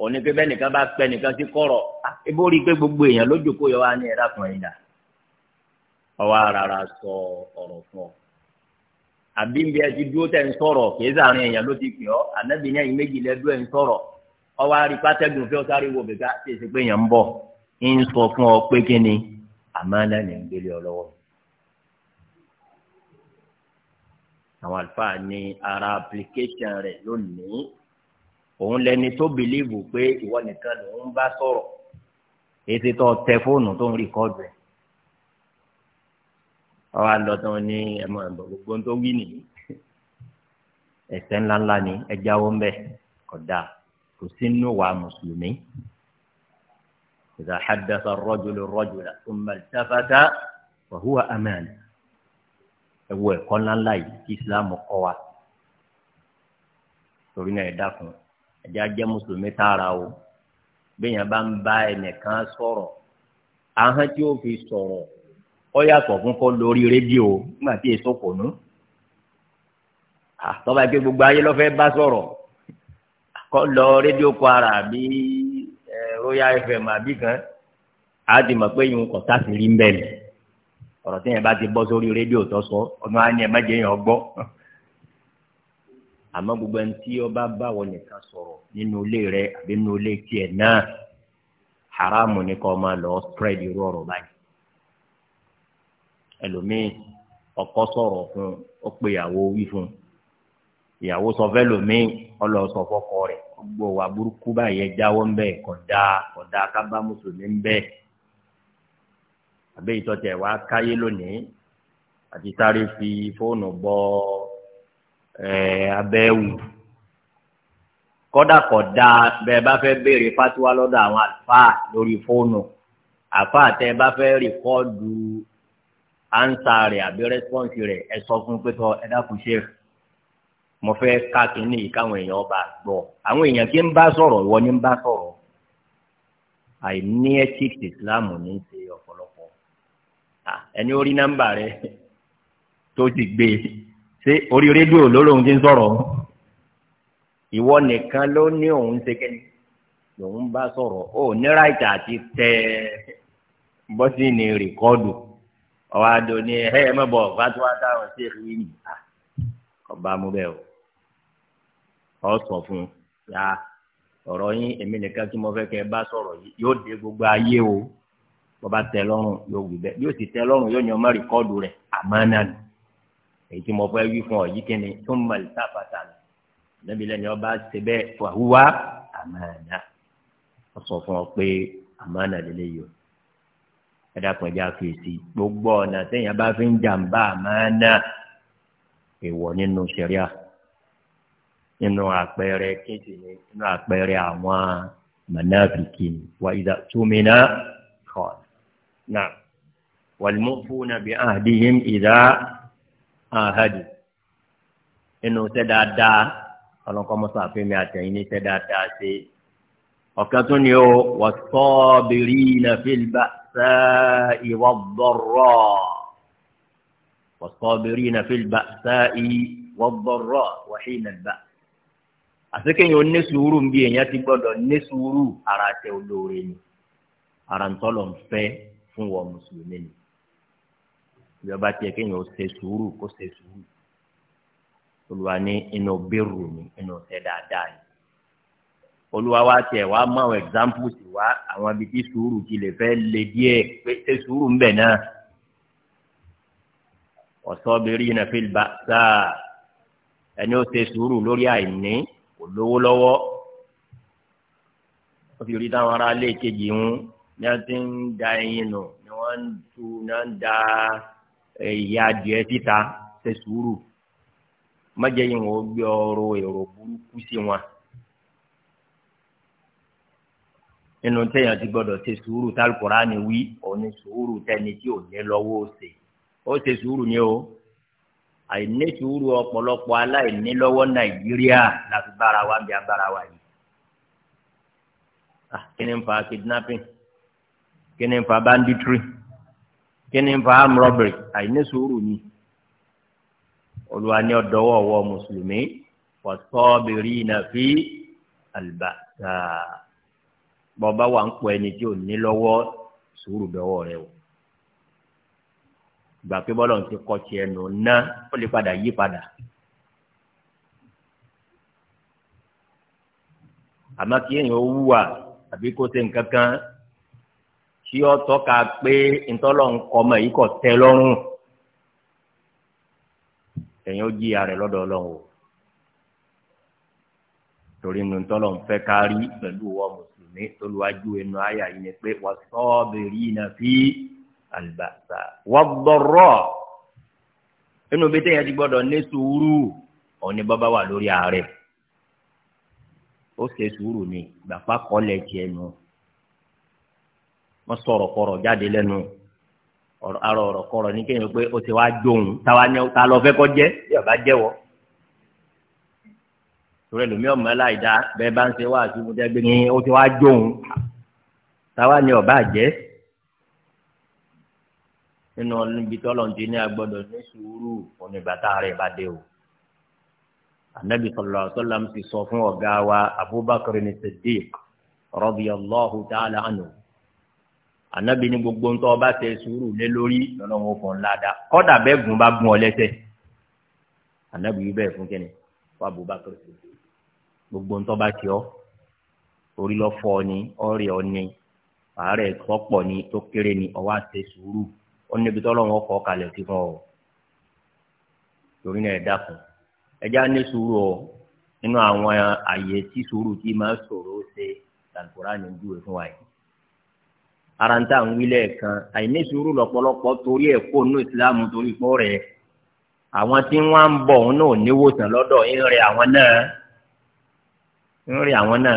òní pé bẹ́ẹ̀ nìkan bá pẹ́ nìkan sí kọ̀rọ̀ ah, ebó rí i pé gbogbo èèyàn lójú kó yọ wá ní ẹ̀rá kan ẹ̀dá ọwọ́ rárá sọ ọ̀rọ̀ fún ọ. àbí bí ẹ ti dúró tẹ̀ ń sọ̀rọ̀ kìí sàárín èèyàn ló ti pè ọ́ ànábì ní ẹ̀yìn méjì lẹ́ ẹ̀ ń sọ̀rọ̀ ọwọ́ rí pátẹ́gùn fẹ́ sáré wo bèbá tí èsì pé èèyàn ń bọ̀ ń sọ fún ọ pé kí ni àmọ́ lẹ́nu ń gbélé ọ lọ́wọ́. àwọn àlùfáà ní ara application rẹ̀ lónìí òun lẹni tó bìlíìvù pé ìwọ nìkan lòun bá sọ̀rọ̀ ètò tó tẹ fóònù tó ń rìkọ́dù ẹ̀ ọ̀rọ̀ àlọ́tàn ní ẹ̀mọ́ ẹ̀bọ̀ gbogbo tó wí nìyí ẹ̀ṣẹ̀ ńláńlá ni ẹ jáwọ́ mbẹ́ kódà kò sí nínú wa mùsùlùmí ìdá haddatha rọ́jòló rọ́jòlá thumma iltafata wa huwa aman ńláńlá yìí kí islam kọ́ wa torí náà ẹ dákun ẹ̀já jẹ́ mùsùlùmí tààrà o bẹ́ẹ̀yàn bá ń bá ẹnìkan sọ̀rọ̀ ahọ́n tí ó fi sọ̀rọ̀ ó yàtọ̀ fún kọ́ lórí rédíò nígbà tí èso kò nú àtọ́ba pé gbogbo ayé lọ́fẹ́ bá sọ̀rọ̀ kọ́ lọ rédíò kwara àbí royal fm àbí kan á ti mọ̀ pé yín kọ̀ sáfìrí ń bẹ̀ mi ọ̀rọ̀ tí yẹn bá ti bọ́ sórí rédíò tó sọ ọ̀nà á má jẹ́ yẹn ọgbọ́ àmọ́ gbogbo ẹni tí ọba báwọ nìkan sọ̀rọ̀ nínú ilé rẹ àbí nínú ilé tiẹ̀ náà haramu ni kò máa lọ spread irú ọ̀rọ̀ báyìí ẹlòmíì ọkọ sọ̀rọ̀ fún ó pe ìyàwó wí fún ìyàwó sọ fẹ́ lòmíì ọlọ sọ fọ́kọ rẹ̀ gbogbo wa burúkú báyìí jáwọ́ ń bẹ kódà kódà kábà mùsùlùmí ń bẹ àbẹ ìtọ́tẹ̀ wa káyé lónìí àti sáré fi fóònù bọ́ Eh, abẹ́wù kọ́dà kọ̀ dáa bẹ́ẹ̀ bá fẹ́ béèrè fatiwa lọ́dọ̀ àwọn àlùfáà lórí fóònù a tẹ́ bá fẹ́ rìkọ́ọ̀dù ánsà rẹ̀ àbí rẹ́spọ́ǹsì rẹ̀ ẹ sọ fún pé tọ́ ẹ dákun ṣe mo fẹ́ ká kínní yìí káwọn èèyàn bá gbọ́ àwọn èèyàn kí ń bá sọ̀rọ̀ ń bá sọ̀rọ̀ àìní Islam ní í ṣe ọ̀pọ̀lọpọ̀ ẹni ó rí nọ́mbà tó ti gbé e. ṣé orí rédíò ló lóun ti ń sọ̀rọ̀ ìwọ nìkan ló ní òun ṣe kẹ́ni lòun bá sọ̀rọ̀ ó ní ráìtà àti tẹ bọ́sìnì rìkọ́dù ọ̀wá àdó ni ẹ ẹ mọ̀bọ̀ fatuwa táwọn ṣe rí ni ọba amúbẹ̀ o ọ sọ fún ya ọ̀rọ̀ yín èmi nìkan tí mo fẹ́ kẹ́ ẹ bá sọ̀rọ̀ yìí yóò dé gbogbo ayé o bọ́ba tẹ lọ́rùn yóò wí bẹ́ẹ̀ yóò sì tẹ lọ́rùn yóò yan ọmọ rìkọ́dù rẹ̀ àmọ́ náà èyí tí mo fẹ́ wí fún ọ yìí kí ni tó ń mọ ìtàpàtà lọ níbi lẹ́ni ọba ṣe bẹ́ẹ̀ fàhùwà àmàna wọ́n sọ fún ọ pé àmàna lélẹ̀ yìí o ẹ dákun ẹ já gbogbo ọ̀nà téèyàn bá fi ń jàǹbá àmàna èèwọ̀ nínú ṣẹ̀ríà nínú àpẹẹrẹ kéjì ni nínú àpẹẹrẹ àwọn mọ̀nàfìkì wà ìdá túmínà kọ́ọ̀nà wal mufuna bi ahdihim ìdá ahadi ah, inú tẹ dáadáa ọlọ́nkọ́ mọ́sá fẹ́mi àtẹ̀yìn ní tẹ dáadáa ṣe ọ̀kan tún ni ó was-sabirina fil ba'sa'i wad-dharra'i was-sabirina fil ba'sa'i wad-dharra'i wa hina al-ba's àsìkéyìn ó ní sùúrù bí èèyàn ti gbọ́dọ̀ ní sùúrù ara tẹ olóore ni ara ń tọ́lọ̀ ń fẹ́ fún wọn mùsùlùmí ni ìjọba tiẹ̀ kéèyàn ó ṣe sùúrù kó ṣe sùúrù olùwà ní inú bẹ́rù ni inú ṣe dáadáa ni olùwà wa tiẹ̀ wá mọ àwọn examples wa àwọn ibi tí sùúrù ti lè fẹ́ lé díẹ̀ pé ṣe sùúrù ń bẹ náà wasabirina fil ba'sa ẹni ó ṣe sùúrù lórí àìní kò lówó lọ́wọ́ ó fi rí táwọn ará ilé kejì ń ní wọ́n ti ń da ẹyin nù ni wọ́n ń tu ní wọ́n ń da ìyá adìẹ síta ṣe sùúrù mọ̀jẹ̀ yìí wọ́n gbé ọrọ̀ èrò burúkú sí wọn. nínú téèyàn ti gbọdọ̀ ṣe sùúrù tálùkùránì wí òní sùúrù tẹni tí ò ní lọ́wọ́ ṣe ó ṣe sùúrù ni o àìní sùúrù ọ̀pọ̀lọpọ̀ aláìní lọ́wọ́ nàìjíríà láti bára wa bí abára wa yìí. Ah, kí ni ń fa kidnapping kí ni ń fa banditry kí ni fa arm robbery àìní sùúrù ni olùwà ni ọ̀dọ́wọ́ ọ̀wọ́ mùsùlùmí wàtọ́bìrì nàfi àlùbàtà bọ́ba wà ń pọ ẹni tí ò ní lọ́wọ́ sùúrù dọ́wọ́ rẹ o gbà pé bọ́lá ń ti kọ́ tiẹ̀ nù ná ó lè padà yí padà. àmọ́ kí èèyàn ó wúwà àbí kó ṣe nǹkan kan tí ó tọ́ka pé ntọ́lọ́n kọmọ yìí kò tẹ́ lọ́rùn ẹ̀yin ó jìyà rẹ̀ lọ́dọ̀ ọlọ́run o torí nu ntọ́lọ́n fẹ́ kárí pẹ̀lú ìwọ mùsùlùmí tolúwájú ẹnu àyà yìí ni pé wà sọ́ọ̀bẹ̀rì iná fi àlùbàṣà wà gbọ́rọ̀ inú bí téèyàn ti gbọ́dọ̀ ní sùúrù òun ni bàbá wà lórí ààrẹ ó ṣe sùúrù ni gbàpá kọ́lẹ̀ tiẹ̀ nù mọ́ sọ̀rọ̀ kọ̀rọ̀ jáde lẹ́nu arọ ọ̀rọ̀ kọ̀rọ̀ ní kéèyàn pé ó ti wá jóun táwa ní ta lọ fẹ́ kọ́ jẹ́ yóò bá jẹ́wọ́ torí ẹlòmíràn mọ́ láìda bẹ́ẹ̀ bá ń ṣe wá àtúntò tẹ́gbẹ́ ní ó ti wá jóun táwa ní ọ̀bá jẹ́ nínú níbi tọ́lọ́ntì ní agbọ́dọ̀ ní sùúrù onígbàtà rẹ̀ bá dé o anabi sallallahu alaihi ti sọ fún ọ̀gá wa abubakar ní siddiq radiyallahu ta'ala anhu ànábi ní gbogbo ńtọ́ ọba tẹ sùúrù lé lórí lọ́lọ́wọ́ fún ńláda kọ́dà bẹ́ẹ̀ gùn bá gùn ọ lẹ́sẹ̀ ànábi yìí bẹ́ẹ̀ fún kẹ́ni wà Abubakar gbogbo ńtọ́ bá ti ọ́ orí lọ fọ́ ọ ni ọ̀rẹ́ ọ ni àárẹ̀ tọ́pọ̀ ni tó kéré ni ọwọ́ àtẹ sùúrù ó níbi tọ́lọ́wọ́ kọ́ kalẹ̀ sí fún ọ torí náà ẹ dákun ẹjá ní sùúrù ọ nínú àwọn àyè tí sùúrù tí máa sọ̀rọ̀ ṣe tàlùkùrá ní ojú ẹ wa yìí aranta ń tà ń wí lẹ́ẹ̀kan àìní sùúrù lọ́pọ̀lọpọ̀ torí ẹ̀ kó nínú ìsìlámù torí pọ́ rẹ̀ àwọn tí wọ́n ń bọ̀ òun náà níwòsàn lọ́dọ̀ ń rẹ àwọn náà ń rẹ àwọn náà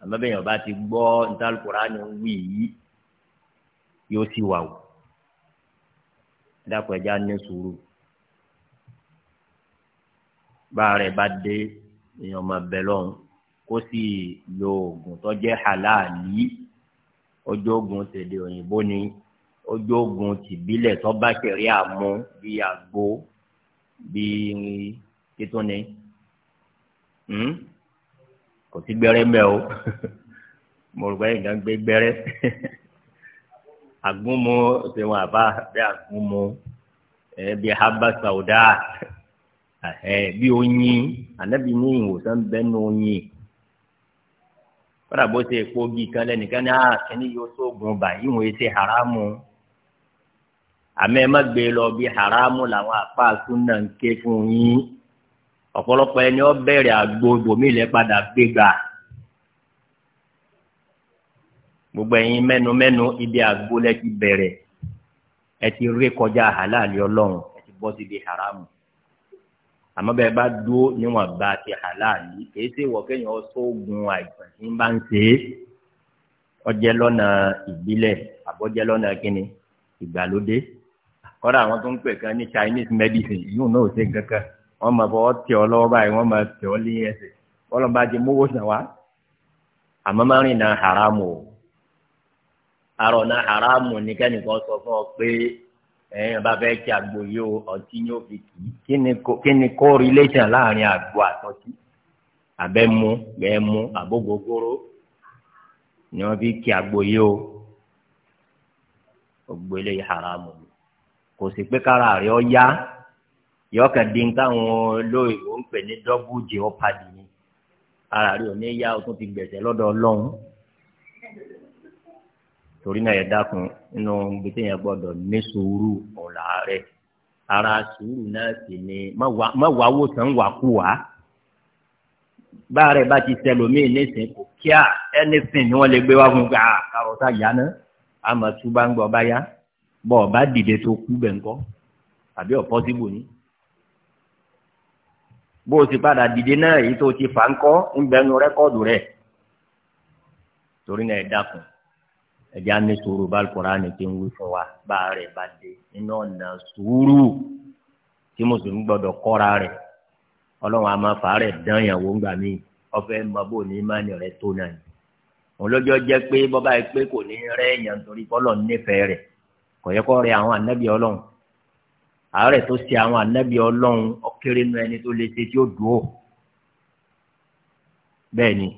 àmọ́ bẹ́ẹ̀ yẹn ọba ti gbọ́ ntàlùkùrá ni ń wí yìí yóò ti wà o dàpọ̀ ẹja ní sùúrù bá rẹ̀ bá dé èèyàn máa bẹ̀ lọ́hùn kó sì lo oògùn tó jẹ́ halal ọjọ́ ogun tèdè òyìnbó ni ọjọ́ ogun tìbílẹ̀ tó bá tẹ̀rí àmọ́ bíi àgbo bíi kíntún ni hmm? kò sí gbẹ́rẹ́ mẹ́ o mo rò pé nǹkan gbé gbẹ́rẹ́ àgúnmu ṣèwọ̀n àbá bí àgúnmu bí haba sauda bí oyin ànábì ní ìwòsàn bẹ́ẹ̀ ní oyin. kódà bó ṣe èpo igi kan lẹ́nìkan ní àkíní ah, yóò sóògùn ọba ìwọ̀n èsì haramu àmẹ́ má gbé lọ bí haramu làwọn apá súnà ń ké fún yín ọ̀pọ̀lọpọ̀ ẹni ó bẹ̀rẹ̀ àgbo padà gbégbà gbogbo ẹ̀yin mẹ́nu mẹ́nu ibi àgbo lẹ́ ti bẹ̀rẹ̀ ẹ ti ré kọjá ọlọ́run ẹ ti bọ́ síbi haramu. àmọ́ bẹ́ẹ̀ bá dúró níwọ̀n bá ti halali kì wọ kéèyàn sóògùn àìsàn tí ń bá ń ṣe é ọjẹ́ lọ́nà ìbílẹ̀ àbọ̀jẹ́ lọ́nà kínní ìgbàlódé kọ́dà àwọn tó ń pè kan ní Chinese medicine yóò náà ṣe kankan wọ́n máa fọwọ́ tẹ ọ lọ́wọ́ báyìí wọ́n máa tẹ ọ lé ẹsẹ̀ wọ́n lọ́n bá ti mówó sàn wá àmọ́ máa rìn náà haramu o àrọ̀ náà haramu ní kẹ́nìkan sọ fún ọ pé ẹ̀yìn bá fẹ́ kí àgbo yóò ọtí yóò fi kì í kí ni correlation láàrin àgbo àtọ́tí àbẹ́mu bẹ́ẹ̀mu àbógógóró ni wọ́n fi kí àgbo yóò gbogbo eléyìí haramu kò sí pé kára rẹ̀ ọ yá yọkàn dín káwọn olóyìnbó ń pè ní double jeopardy ni ara rẹ̀ ò ní yá o tún ti gbẹ̀sẹ̀ lọ́dọ̀ ọlọ́run torí náà yẹ dákun nínú gbèsè yẹn gbọ́dọ̀ ní sùúrù ọ̀la rẹ̀ ara sùúrù náà sì ni má wà wò sàn wà kú wá báàrẹ̀ bá ti sẹlòmíì nísìn kò kíá ẹnìfìn ni wọ́n lè gbé wá fún gbà ah, kárọ̀tà yáná àmọ́ túbà ń gbọ́ bá yá bọ́ ọ bá dìde tó kú bẹ̀ ńkọ́ àbí ọ̀ pọ́sibù ni bó o sì padà dìde náà èyí tó ti fà ń kọ́ ń bẹnu rẹ́kọ́ọ̀dù rẹ̀ torí náà ẹ dákun ẹ̀já ní sùúrù bá Al-Kùránì ti ń wí fún wa bá rẹ̀ bá dé nínú ọ̀nà sùúrù tí mùsùlùmí gbọ́dọ̀ kọ́ra rẹ̀ ọlọ́run àmọ́ fàárẹ̀ dán ìyàwó ńgbà míì ọfẹ́ mọ bó ní ìmánì rẹ̀ tó náà ni òun lọ́jọ́ jẹ́ pé bọ́bá yìí pé kò ní rẹ́ èèyàn torí bọ́lọ̀ nífẹ̀ẹ́ rẹ̀ kò yẹ kó rẹ àwọn ànábì ọlọ́run àárẹ̀ tó ṣe àwọn ànábì ọlọ́run ọkẹ́rẹ́ nu ẹni tó lè ṣe tí ó dùn ó bẹ́ẹ̀ ni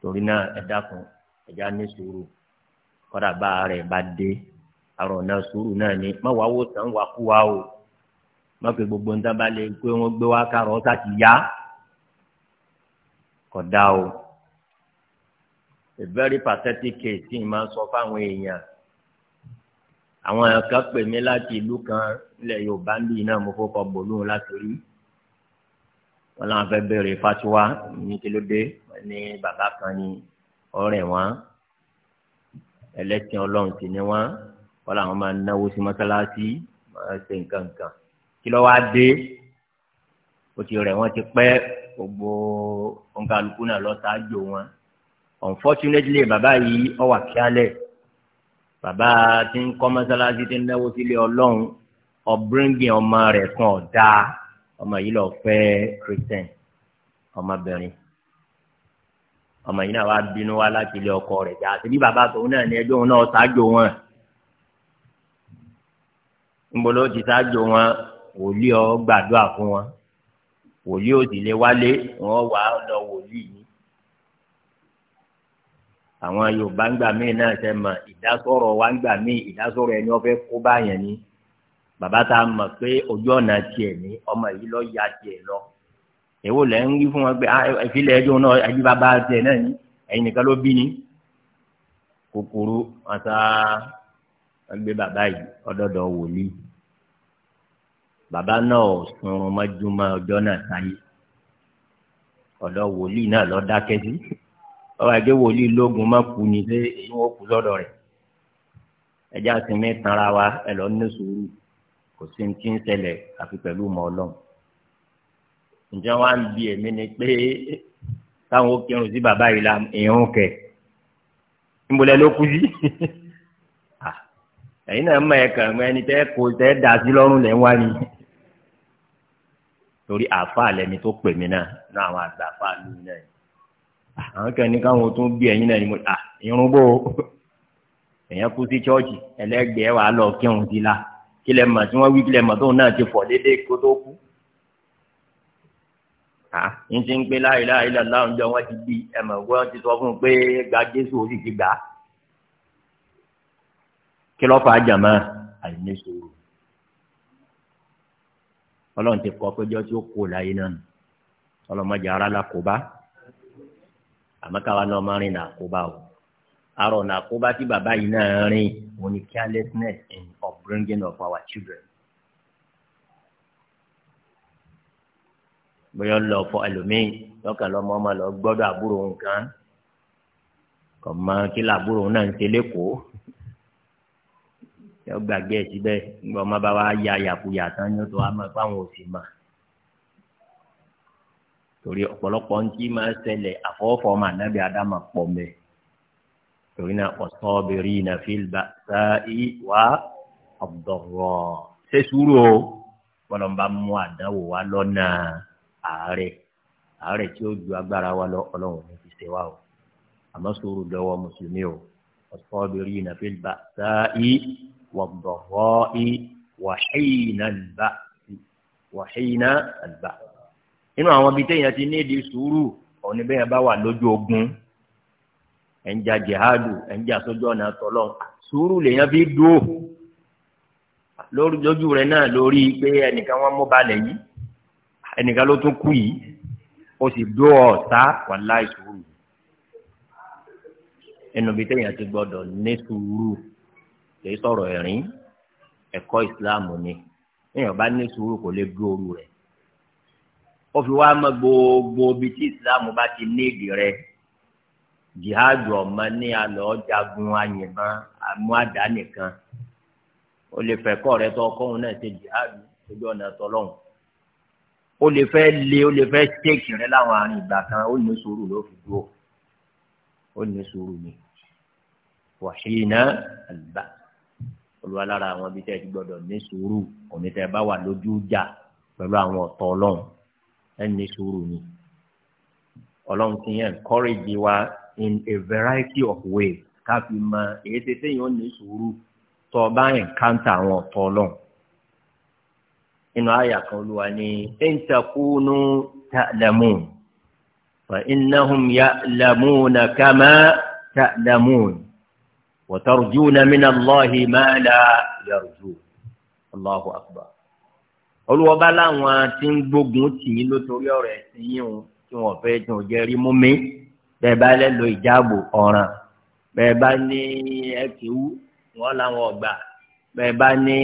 torí náà ẹ dákun ẹ̀já ní sùúrù kọ́dà bá rẹ̀ bá dé àrùn ọ̀nà sùúrù náà ni má wàá wò sàn wà kú wa o má pé gbogbo nǹkan bá lè pé wọ́n gbé wá kárọ̀ ọ́sà ti yá kọ̀dá o a very pathetic case tí n máa sọ fáwọn èèyàn àwọn kan pè mí láti ìlú kan ilẹ̀ Yorùbá ń bì náà mo fọkọ bòlóhùn láti rí wọn làwọn fẹ́ béèrè fatiwa ní kílódé ní bàbá kan ní ọ̀rẹ́ wọn ẹlẹ́sìn ọlọ́run sì ni wọn wọn làwọn máa náwó sí mọ́sálásí máa ṣe nǹkan nǹkan kí ló wá dé ó ti rẹ̀ wọ́n ti pẹ́ gbogbo òǹkàlùkù náà lọ́ta jò wọn unfortunately bàbá yìí ó wà kíálẹ̀ bàbá tí ń kọ́ mọ́sálásí tí ń náwó sílé ọlọ́run ọ̀bíríngìn ọmọ rẹ̀ kan ọ̀dà ọmọ yìí lọ fẹ́ christian ọmọbìnrin ọmọ yìí náà wá bínú wá láti ilé ọkọ rẹ̀ jà àti bí bàbá tòun náà ní ẹjọ́ òun náà ṣáájú wọn ńbọlọ ti ṣáájú wọn wòlíì ọ gbàdúrà fún wọn wòlíì ò sì lè wálé wọn wà á lọ wòlíì ni àwọn Yorùbá ń gbà míì náà ṣe mọ ìdásọ̀rọ̀ wa ń gbà míì ìdásọ̀rọ̀ ẹni ọfẹ kó báyẹn ni bàbá tá a mọ̀ pé ojú ọ̀nà tiẹ̀ ni ọmọ yìí lọ ya tiẹ̀ lọ èwo lẹ́ ń wí fún wọn pé ah, ìfilẹ̀ ẹjọ́ náà ẹbí bàbá tiẹ̀ náà ni ẹ̀yin nìkan ló bí ni kúkúrú ọ̀tá ẹgbẹ́ bàbá yìí ọ̀dọ́dọ̀ wòlíì bàbá náà sunrun mọ́júmọ́ ọjọ́ náà sáyé ọ̀dọ̀ wòlíì náà lọ dákẹ́ sí ọba ẹgbẹ́ wòlíì lógun má kú ni pé èyí wọ́n kú lọ́dọ̀ rẹ̀ ẹjẹ́ àti mi tanra wa ẹ lọ ní sùúrù kò sí ní tí ń ṣẹlẹ̀ àfi pẹ̀lú mọ́ ọlọ́run ǹjẹ́ wọ́n á ń bi èmi ni pé táwọn ó kírun sí bàbá yìí la ìrún kẹ̀ ńbọ̀lẹ́ ló kú sí ah, ẹ̀yin náà mọ̀ ẹ̀ kàn mọ́ ẹni tẹ́ kó tẹ́ dà sí lọ́rùn lẹ́ wá ni torí àáfà lẹ́ni tó pè mí náà náà àwọn àgbà àáfà lù mí náà ah, àwọn kan ní káwọn tó ń bí ẹ̀yin náà ni mo à ah, irun bò ó èèyàn kú sí chọ́ọ̀chì ẹlẹ́gbẹ̀ẹ́ wàá lọ kírun sí la kílẹ̀ mọ̀ tí wọ́n wí kílẹ̀ mọ̀ tóun náà ti fọ̀ déédéé kó tó kú. à ń ti ń pé la nwa illallah ń jọ wọ́n ti bí ẹ̀mọ̀ wọ́n ti sọ fún un pé gba jésù ó sì ti gbà á kí ló fà á ti kọ́ la kó bá àmọ́ káwa náà máa rìn làkóbá o àrò làkóbá tí bàbá yìí náà rìn òun ni carelessness in upbringing of our children bóyá ń lọ fọ ẹlòmíì lọ́kàn lọ́mọ ọmọ lọ gbọ́dọ̀ àbúrò òun kan kò mọ kí làbúrò òun náà ń ṣe lẹ́kọ̀ọ́ yọ gbàgbé ẹ̀ síbẹ̀ nígbà ọmọ bá wa ya yàkuyà tán yóò tó wá mọ fáwọn òsì mà torí ọ̀pọ̀lọpọ̀ ń tí máa ṣẹlẹ̀ àfọwọ́fọ́ ọmọ ànábì ádámà pọ̀ mẹ́ torí náà ọ̀sọ́bìrì ìnàfíìlbà sáà ìwà ọ̀dọ̀rọ̀ ṣé sùúrù o bọ́lọ̀ ń bá mú àdánwò wá lọ́nà àárẹ àárẹ tí ó ju agbára wa lọ Ọlọ́run ní fi ṣe wa o àmọ́ sùúrù lọ́wọ́ mùsùlùmí o as-sabirina fil ba'sa'i wad-dharra'i wa hina al-ba'si wa hina al nínú àwọn ibi téèyàn ti ní èdè sùúrù ọ̀ní bẹ́ẹ̀ bá wà lójú ogun ẹ̀ ń ja jihadu ẹ̀ ń ja sójú ọ̀nà tọ́lọ́ sùúrù lèèyàn fi dúró lójú rẹ̀ náà lórí pé ẹnìkan wọn mú balẹ̀ yìí ẹnìkan ló tún kú yìí ó sì dó ọ̀tá wàhálà ìṣòro ẹnu bíi téèyàn ti gbọdọ̀ ní sùúrù kì í sọ̀rọ̀ ẹ̀rín ẹ̀kọ́ ìsìláàmù ni téèyàn bá ní sùúrù kò lè dúró ooru rẹ̀ ó fi wá mọ gbogbo ibi tí ìsìláàmù bá ti ní èdè rẹ̀ jihadu ọmọ ní alọ jagun ayìnbọn amú àdá nìkan ó lè fẹ́ kọ́ rẹ tó ọkọ́ òun náà ṣe jihadu ojú ọ̀nà tọ́lọ́hún ó lè fẹ́ lé ó lè fẹ́ ṣéèkì rẹ láwọn àárín ìgbà kan ó ní sùúrù ló fi dúró ó ní sùúrù ni wàhíìnà àlùbá olúwa lára àwọn ibi tẹ́ ẹ ti gbọ́dọ̀ ní sùúrù òní tẹ́ ẹ bá wà lójú jà pẹ̀lú àwọn ọ̀tọ̀ ọlọ́run ẹ ní sùúrù ni ọlọ́run ti yẹn encourage wa in a variety of ways ká fi mọ èyí tẹ́tẹ́ yìí ó ní sùúrù tó o bá encounter àwọn ọ̀tọ̀ ọlọ́run inú àyà kan olúwa ní intakunu ta'lamun fa innahum ya'lamuna kama ta'lamun wa tarjuna min Allahi ma la yarjun Allahu akbar olùwọ́ba láwọn tí ń gbógun tì yín lótorí ọ̀rọ̀ ẹ̀sìn yín o tí wọ́n fẹ́ tí wọ́n jẹ́ rí mi bẹ́ẹ̀ bá lẹ́ lo ìjáàbò ọ̀ràn bẹ́ẹ̀ bá ní ẹ̀kíwú wọ́n láwọn ọ̀gbà bẹ́ẹ̀ bá ní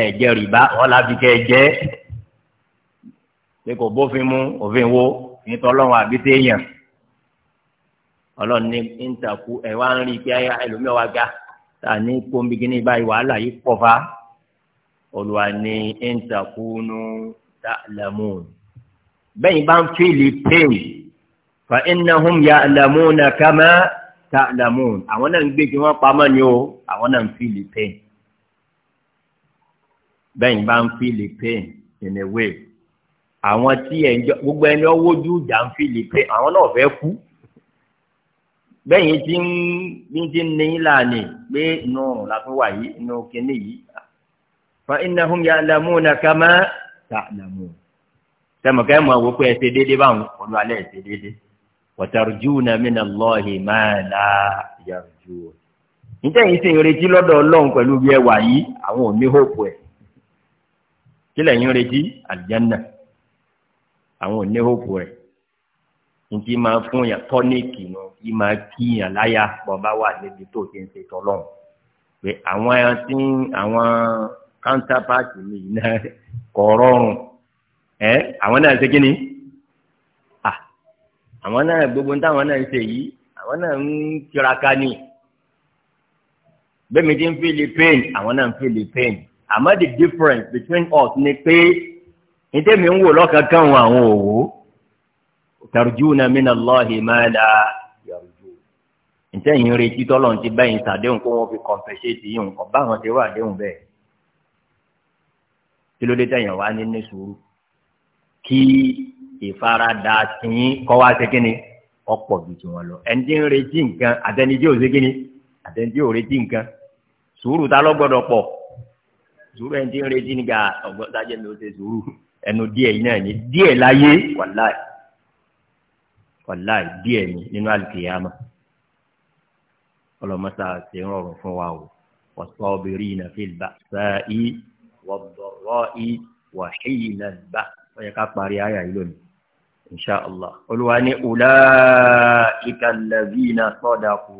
ẹ̀jẹ̀ rìbá ọ̀la fi kẹ́ ẹ jẹ́ pé kò bófin mu òfin wo nítorí ọlọ́run àbí téèyàn ọlọ́run ní ìntàkù ẹ̀ wá ń rí i pé ẹlòmíràn wá ga ta ní kóńbígínní báyìí wàhálà yìí pọ̀ fa olùwà ní ìntàkùnú tàlámù bẹ́ẹ̀ bá ń fìlì pain fa innahum ya'lamuna kama tàlámù àwọn náà ń gbé kí wọ́n pamọ́ ni o àwọn náà ń fìlì pain bẹ́ẹ̀ bá ń feel the pain in a way àwọn tí ẹ̀ ń jọ gbogbo ẹni ọwọ́jú ìjà ń feel the pain àwọn náà fẹ́ kú bẹ́ẹ̀ ti ń bí ti ń ní láàánì pé inú ọ̀rùn la fi wà yìí inú kinní yìí fa innahum ya'lamuna kama ta'lamun sẹ́mọ̀kẹ́ mọ̀ wò pé ẹ ṣe déédéé báwọn olú alẹ́ ẹ ṣe déédéé watarjuna min Allahi ma la yarjun. níta yìí ṣe ìrètí lọ́dọ̀ ọlọ́run pẹ̀lú bí ẹwà yìí àwọn ò ní hope ẹ̀ kí lẹ́yìn retí àlìjánà àwọn òní hókù rẹ̀ nítí máa fún yàn tọ́níìkì nù kí máa kíyàn láyà bọ́ba wà níbi tó ti ń ṣe tọ́lọ́run pé àwọn tí àwọn counterpart mi náà kọ̀ rọrùn ẹ àwọn náà ṣe kí ni àwọn náà gbogbo ní táwọn náà ń ṣe yìí àwọn náà ń tiraka ni bẹ́ẹ̀ mi ti ń feel the pain àwọn náà ń feel the pain àmọ́ the difference between us ni pé ìtẹ́mi ń wò lọ́kànkán wọn àwọn òwò tarjuna min Allahi ma la yarju ìtẹ́yìn retí tọ́lọ́run ti báyìí sàdéhùn kó wọ́n fi compensate yìí nǹkan báwọn ti rọ àdéhùn bẹ́ẹ̀ kí ló dé tẹ̀yìn wá ní ní sùúrù kí ìfaradà tìyín kọ́ wá sí kínní ọ̀pọ̀ ju tiwọn lọ ẹni tí ń retí nǹkan àtẹnidí ò sí kínní àtẹnidí ò retí nǹkan sùúrù ta ló pọ̀ sùúrù ẹni tí ń retí nígbà ọgbọ́n sájẹ́ mi ó ṣe sùúrù ẹnu díẹ̀ yìí náà ni díẹ̀ láyé wàláì wàláì díẹ̀ ni nínú àlùkìyàmà ọlọ́mọta ṣe ń rọrùn fún wa o wasabirina fil ba'sa'i wad-dharra'i wa hina al-ba's ó yẹ ká parí àyà yìí lónìí insha allah olúwa ní ulaika allazina sadaqu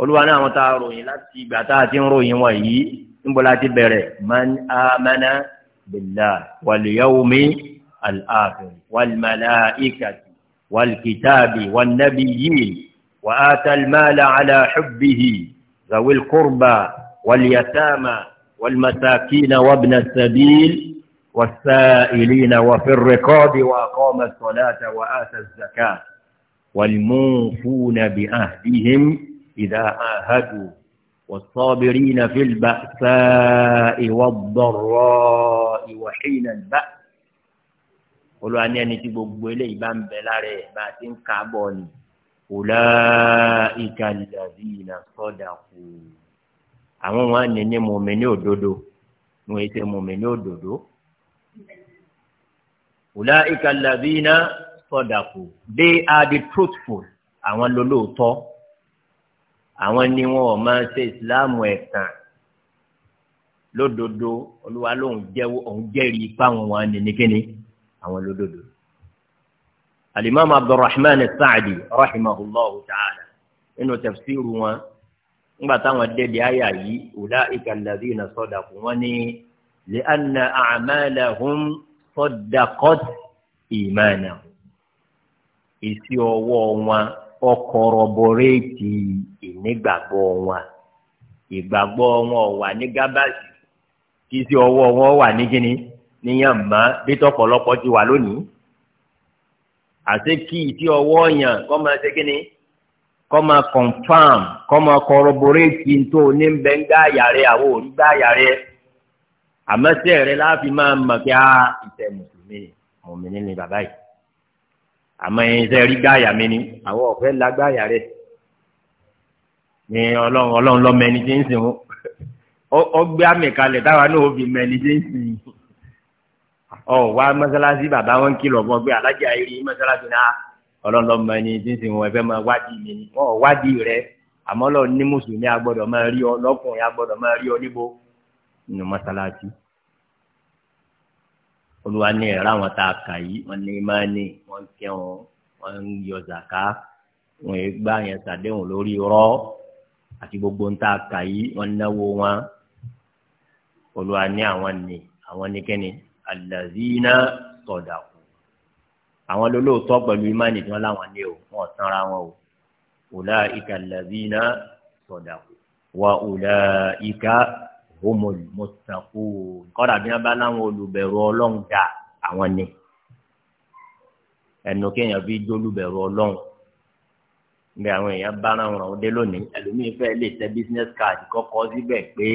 olúwa ní àwọn tá ròyìn láti ìgbà tá a ti ń ròyìn wọ̀nyí. níbo la ti bẹ̀rẹ̀ man amana billah wal yawmi al akhir wal malaikati wal kitabi wan nabiyyin wa ata al mala ala hubbihi ذوي القربى واليتامى والمساكين وابن السبيل والسائلين وفي الرقاب وأقام الصلاة وآتى الزكاة والموفون بأهدهم إذا آهدوا والصابرين في البأساء والضراء وحين البأس olú àní ẹni tí gbogbo eléyìí bá ń bẹ lára ẹ bá a ti ń ka bọ ni ulaika alladhina sadaqu àwọn wọn ní ní òdodo wọn èsè mùmíní òdodo ulaika alladhina sadaqu they are the truthful àwọn lólóòtọ́ àwọn ni wọn ò máa ṣe ìsìláàmù ẹ̀tàn lódodo olúwa lóun jẹ́wọ́ òun jẹ́rìí fáwọn wọn ni nìkíni àwọn lódodo. alimami abdulrahman saadi rahimahullahu ta'ala nínú tafsiru wọn ńgbà táwọn dédé àyà yìí ulaika alladhina sadaqu wọn ni li'anna a'malahum sadaqat imanahum ìsí ọwọ́ wọn ọkọ̀rọ̀bọ̀rẹ́ẹ̀tì ìnígbàgbọ́ wọn ìgbàgbọ́ wọn wà ní gábàsì kí sí ọwọ́ wọn wà ní kíni níyàn mọ́ bí tọ̀pọ̀lọpọ̀ ti wà lónìí àti kí tí ọwọ́ yàn kọ́ máa ṣe kíni kọ́ máa confam kọ́ máa corroborate tó ní bẹ́ ń gbá yàrá àwọn òní gbá yàrá àmọ́sẹ̀ rẹ láàfin máa mọ̀ kí á ìtẹ̀ mùsùlùmí mùmìnir ni bàbá yìí àmọ́ ẹ̀yin sẹ́ rí gbáàyà mi ni àwọn ọ̀fẹ́ la gbáàyà rẹ̀ ni ọlọ́run ọlọ́run lọ́mọ ẹni tí ń sìn wọn ọgbẹ́ àmì kalẹ̀ táwa náà ó fi mọ ẹni tí ń sìn yìí ọ wá mọ́sálásí bàbá wọn kìlọ̀ fún ọ pé alájà ayé rí mọ́sálásí náà ọlọ́run lọ́mọ ẹni tí ń sìn wọn ẹ máa wádìí mi ni wọn wádìí rẹ àmọ́ lọ ní mùsùlùmí agbọ́dọ̀ máa rí ọ lọ́kùnrin agbọ́dọ̀ máa rí ọ níbo nínú mọ́sálásí olùwà ní ẹ̀rọ àwọn tá a kà yìí wọ́n ní imáni wọ́n kẹ́wọn wọ́n ń yọ zàká wọ́n yìí gbá yẹn sàdéhùn lórí rọ́ àti gbogbo tá a kà yìí wọ́n náwó wọn olùwà ní àwọn ní àwọn nìkẹ́ni alazina sọ̀dàkù àwọn lólóòótọ́ pẹ̀lú imáni tí wọ́n láwọn ní o wọ́n sanra wọn o ulaika alazina sọ̀dàkù wa ulaika humul muttaqun kọ́dà bí wọ́n bá láwọn olùbẹ̀rù ọlọ́run dà àwọn ni ẹnu kéèyàn fi jólùbẹ̀rù ọlọ́run bí àwọn èèyàn bá ràn ràn dé lónìí ẹlòmíín fẹ́ lè tẹ business card kọ́kọ́ síbẹ̀ pé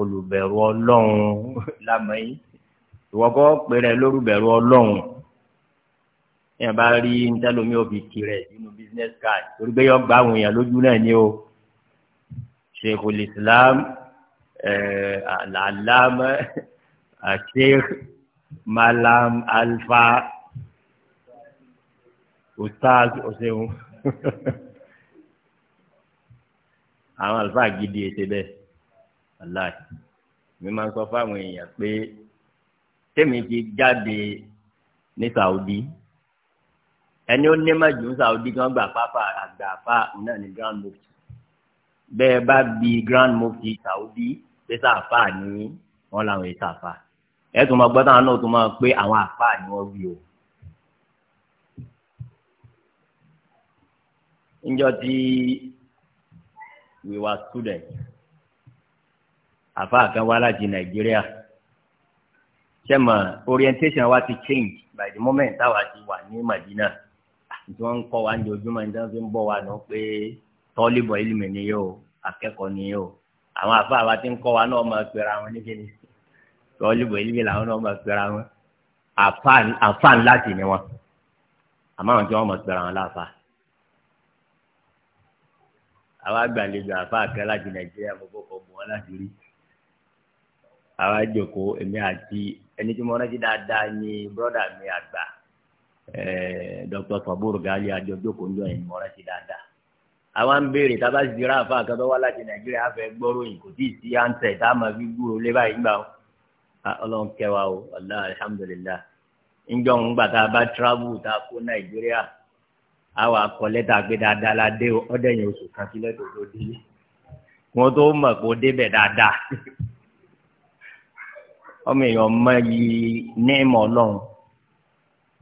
olùbẹ̀rù ọlọ́run lámọ́yìn ìwọ́kọ́ pè rẹ lórúbẹ̀rù ọlọ́run èèyàn bá rí ntẹ́lómi ò fi kiri ẹ̀ nínú business card torí pé yọ gba àwọn èèyàn lójú náà ni o Sheikhul Islam alàlámà àṣeyìk malam alfa ustaz ọ̀sẹ̀hún àwọn alfa gidi ètè bẹ́ẹ̀ aláì mi máa ń sọ fáwọn èèyàn pé tèmi ti jáde ní Saudi ẹni ó ní má jù Saudi kan gbà pápá àgbà àfa náà ní grand mufti bẹ́ẹ̀ bá bi grand mufti Saudi pé sáàfà ni wọ́n làwọn èyí sáàfà ẹ tún máa gbọ́ táwọn náà tún máa pé àwọn àfà ni wọ́n wí o. níjọ́ tí we were students àfà kan wá láti Nàìjíríà sẹ́mà orientation wa ti change by the moment táwa ti wà ní Madina tí wọ́n ń kọ́ wa ní ojúmọ́ ní tí wọ́n fi ń bọ̀ wa nù pé tọ́líbọ̀ ilmi ni yóò akẹ́kọ̀ọ́ ni yóò àwọn àfa àwa ti ń kọ́ wa náà máa pera wọn ní kíni tọ́lùbù ilé làwọn náà máa pera wọn àfa ńlá sì ni wọn àmọ́ àwọn tí wọ́n máa pera wọn láfa. àwa gbàlejò àfa àkẹ́ láti nàìjíríà gbogbo kọ̀ bù wọn láti rí àwa jòkó èmi àti ẹni tí mo rántí dáadáa ni bọ́dà mi àgbà eh, dr fabur gali adjọ́ jòkó ń jọ ẹni mo rántí dáadáa àwa ń béèrè tábà sì dira àfa àkàtọ́ wá láti nàìjíríà àfẹ́ gbọ́rọ̀ yìí kò tíì sí àǹtẹ̀ tá a máa fi gbúrò lé báyìí gbà ó ọlọ́run kẹwàá o allah alhamdulillah ńjọ ń gbà tá a bá travel tá a kó nàìjíríà àwa kọ lẹ́tà gbé dáadáa la dé ọ̀dẹ̀yìn oṣù kan sílẹ̀ tó tó dé wọn tó mọ̀ kó débẹ̀ dáadáa ọmọ èèyàn mọ iyì ní ìmọ̀ ọlọ́run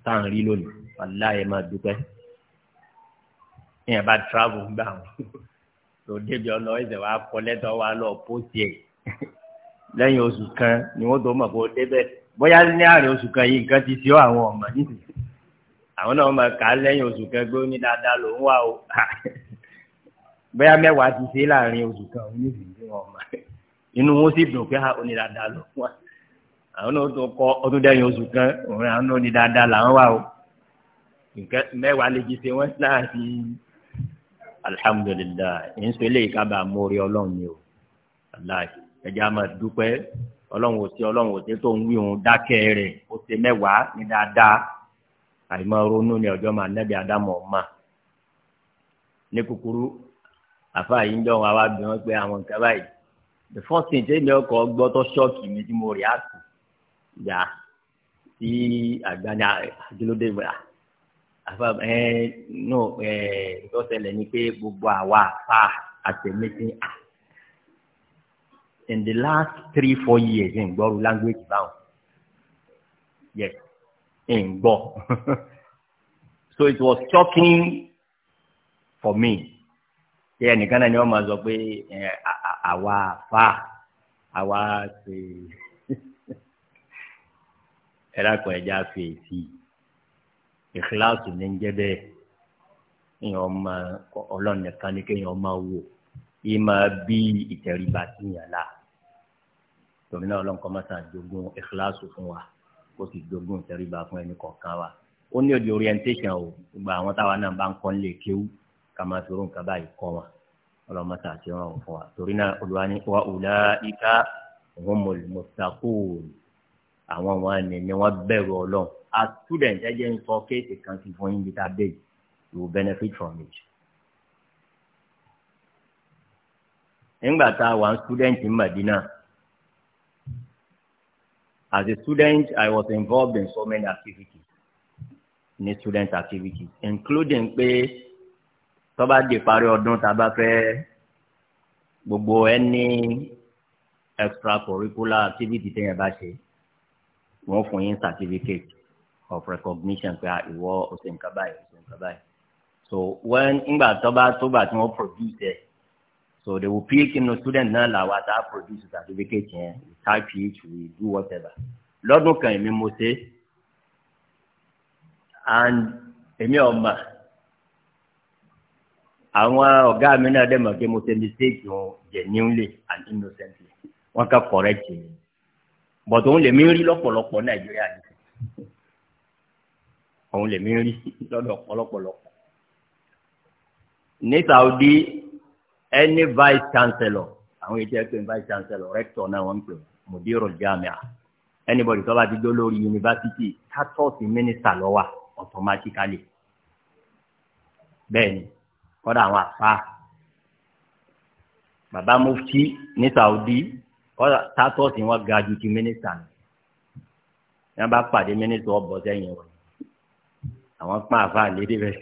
tá à ń rí lónìí wàláyé máa dúpẹ́ ìyẹn bá travel gbà wọn tó débi ọ̀nà ẹ̀sẹ̀ wa kọ lẹ́tọ̀ wa lọ pósì ẹ̀ lẹ́yìn oṣù kan ni wọ́n tó mọ̀ kó débẹ̀ bóyá ní àárín oṣù kan yìí nǹkan ti ṣe ọ́ àwọn ọmọ nísìsiyìí àwọn náà mọ̀ ká lẹ́yìn oṣù kan gbé ní dáadáa ló ń wà o bóyá mẹ́wàá ti ṣe láàrin oṣù kan nísìsiyìí wọn mọ̀ inú wọn sì dùn pé ah, ó ní dáadáa ló ń wà àwọn náà tó kọ ọdún dẹ́yìn oṣù kan òun àwọn náà ní dáadáa làwọn wà o nǹkan mẹ́wàá lè ti ṣe wọ́n láàrin alhamdulilayi ń sọ eléyìí kábàá mórí ọlọ́run ni o aláì ẹ̀jẹ̀ á máa dúpẹ́ ọlọ́run ò sí ọlọ́run ò sí tó ń wí òun dákẹ́ rẹ̀ ó ṣe mẹ́wàá ní dáadáa àìmọ́ ronú ni ọjọ́ máa nẹ́bí ádámù ọ̀ma ní kúkúrú àfa yìí ń dán wa wá bí pé àwọn nǹkan báyìí the first thing tẹ́lẹ̀ ọkọ̀ gbọ́ ṣọ́ọ̀kì mi tí mo rí àtù yá sí àgbáyà àjọlódé ìgbà àfa ẹ no ẹ ìtọ́sẹ̀lẹ̀ ni pé gbogbo àwa àfa àtẹ̀mẹ́sìn à in the last three four years ń gbọ́rú language báwọn yes ń gbọ́ so it was shocking for me ṣé ẹnìkan náà ni wọ́n máa sọ pé àwa àfa àwa ṣe ẹ̀rọ àpò ẹ̀já fèsì ìkíláàsì ní ń jẹ́ bẹ́ẹ̀ èèyàn máa ọlọ́run nìkan ni kéèyàn máa wò yìí máa bí ìtẹríba sí yàn la torí náà ọlọ́run kọ́ máa tàn jogún ìkíláàsì fún wa kó sì jogún ìtẹríba fún ẹnì kọ̀ọ̀kan wa ó ní òde orientation o gbogbo àwọn táwa náà bá ń kọ́ ń kéwú ká máa fi orun kaba yìí kọ́ wọn ọlọ́run máa tàn sí wọn fún wa torí náà olùwà ní wa ulaika humul muttaqun àwọn wọn ni wọn bẹ̀rù as students ẹ jẹ́ ń sọ kéèsì kan sí fún you will benefit from it. nígbà tá a student in Madina as a student I was involved in so many activities in student activities including pé tó bá di parí ọdún tá gbogbo ẹni extracurricular activity tẹ́yẹ̀ bá ṣe wọ́n fún yín certificate of recognition pé ah, ìwọ ọ̀sẹ̀ nǹkan báyìí ọ̀sẹ̀ nǹkan báyìí so when ngbà tó bá tó bá tí wọ́n produce ẹ̀ so they will pick inú student náà làwọn àtà produce certificate yẹn we type it we do whatever lọ́dún kan èmi mo ṣe and èmi ọ̀ma àwọn ọ̀gá mi náà dẹ̀ mọ̀ pé mo ṣe mistake wọn genuinely and innocently wọ́n kà correct yẹn but òun lèmi rí lọ́pọ̀lọpọ̀ Nàìjíríà yìí òun lèmi rí lọ́dọ̀ ọ̀pọ̀lọpọ̀lọpọ̀. ní Saudi any vice chancellor àwọn ètò ẹgbẹ́ vice chancellor rector náà wọ́n ń pè mudirul jamia anybody tó bá ti dó lórí yunifásitì kátọ́ọ̀sì mínísítà lọ́wọ́ automatically bẹ́ẹ̀ ni kọ́dà àwọn àfa bàbá mufti ní Saudi kọ́dà kátọ́ọ̀sì wọn ga ju ti mínísítà ni wọ́n bá pàdé mínísítà ọ̀bọ̀ sẹ́yìn wọn àwọn pa àfa àlédè rẹ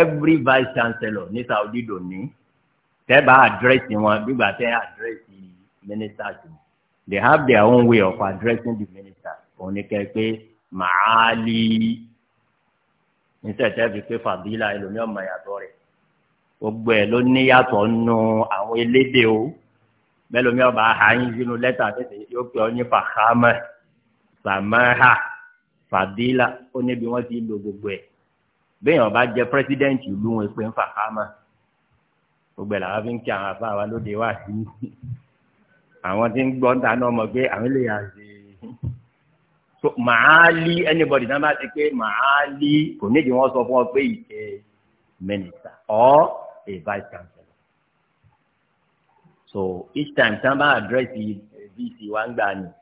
every vice chancellor ní Saudi doni, dòní tẹ́bà àdírẹ́sì wọn gbígbà tẹ́ àdírẹ́sì ministers they have their own way of addressing the ministers òun ni kẹ́ pé màálí nísẹ̀tẹ́ fi pé fàbílà ẹlòmíràn mọ̀ yàtọ̀ rẹ̀ gbogbo ẹ̀ ló níyàtọ̀ nù àwọn elédè o bẹ́ẹ̀ lómi ọba àhányín sínú lẹ́tà tẹ̀sí yóò pè ọ́ ní fàhámẹ́ sàmẹ́hà fàdílà ó níbi wọ́n ti lo gbogbo ẹ̀ béèyàn bá jẹ́ pírẹsidẹ́ǹtì ìlú wọn pé ń fà kámà gbogbo ẹ̀ làwọn fi ń kí àwọn afá wa lóde wá sí àwọn tí ń gbọ́ ta náà mọ̀ pé àwọn lè yà sí so màálí anybody náà bá ti pé màálí kò nídìí wọ́n sọ fún ọ pé ìkẹ́ minister or a vice chancellor so each time tí wọ́n bá address vc wa ń gbà nìyí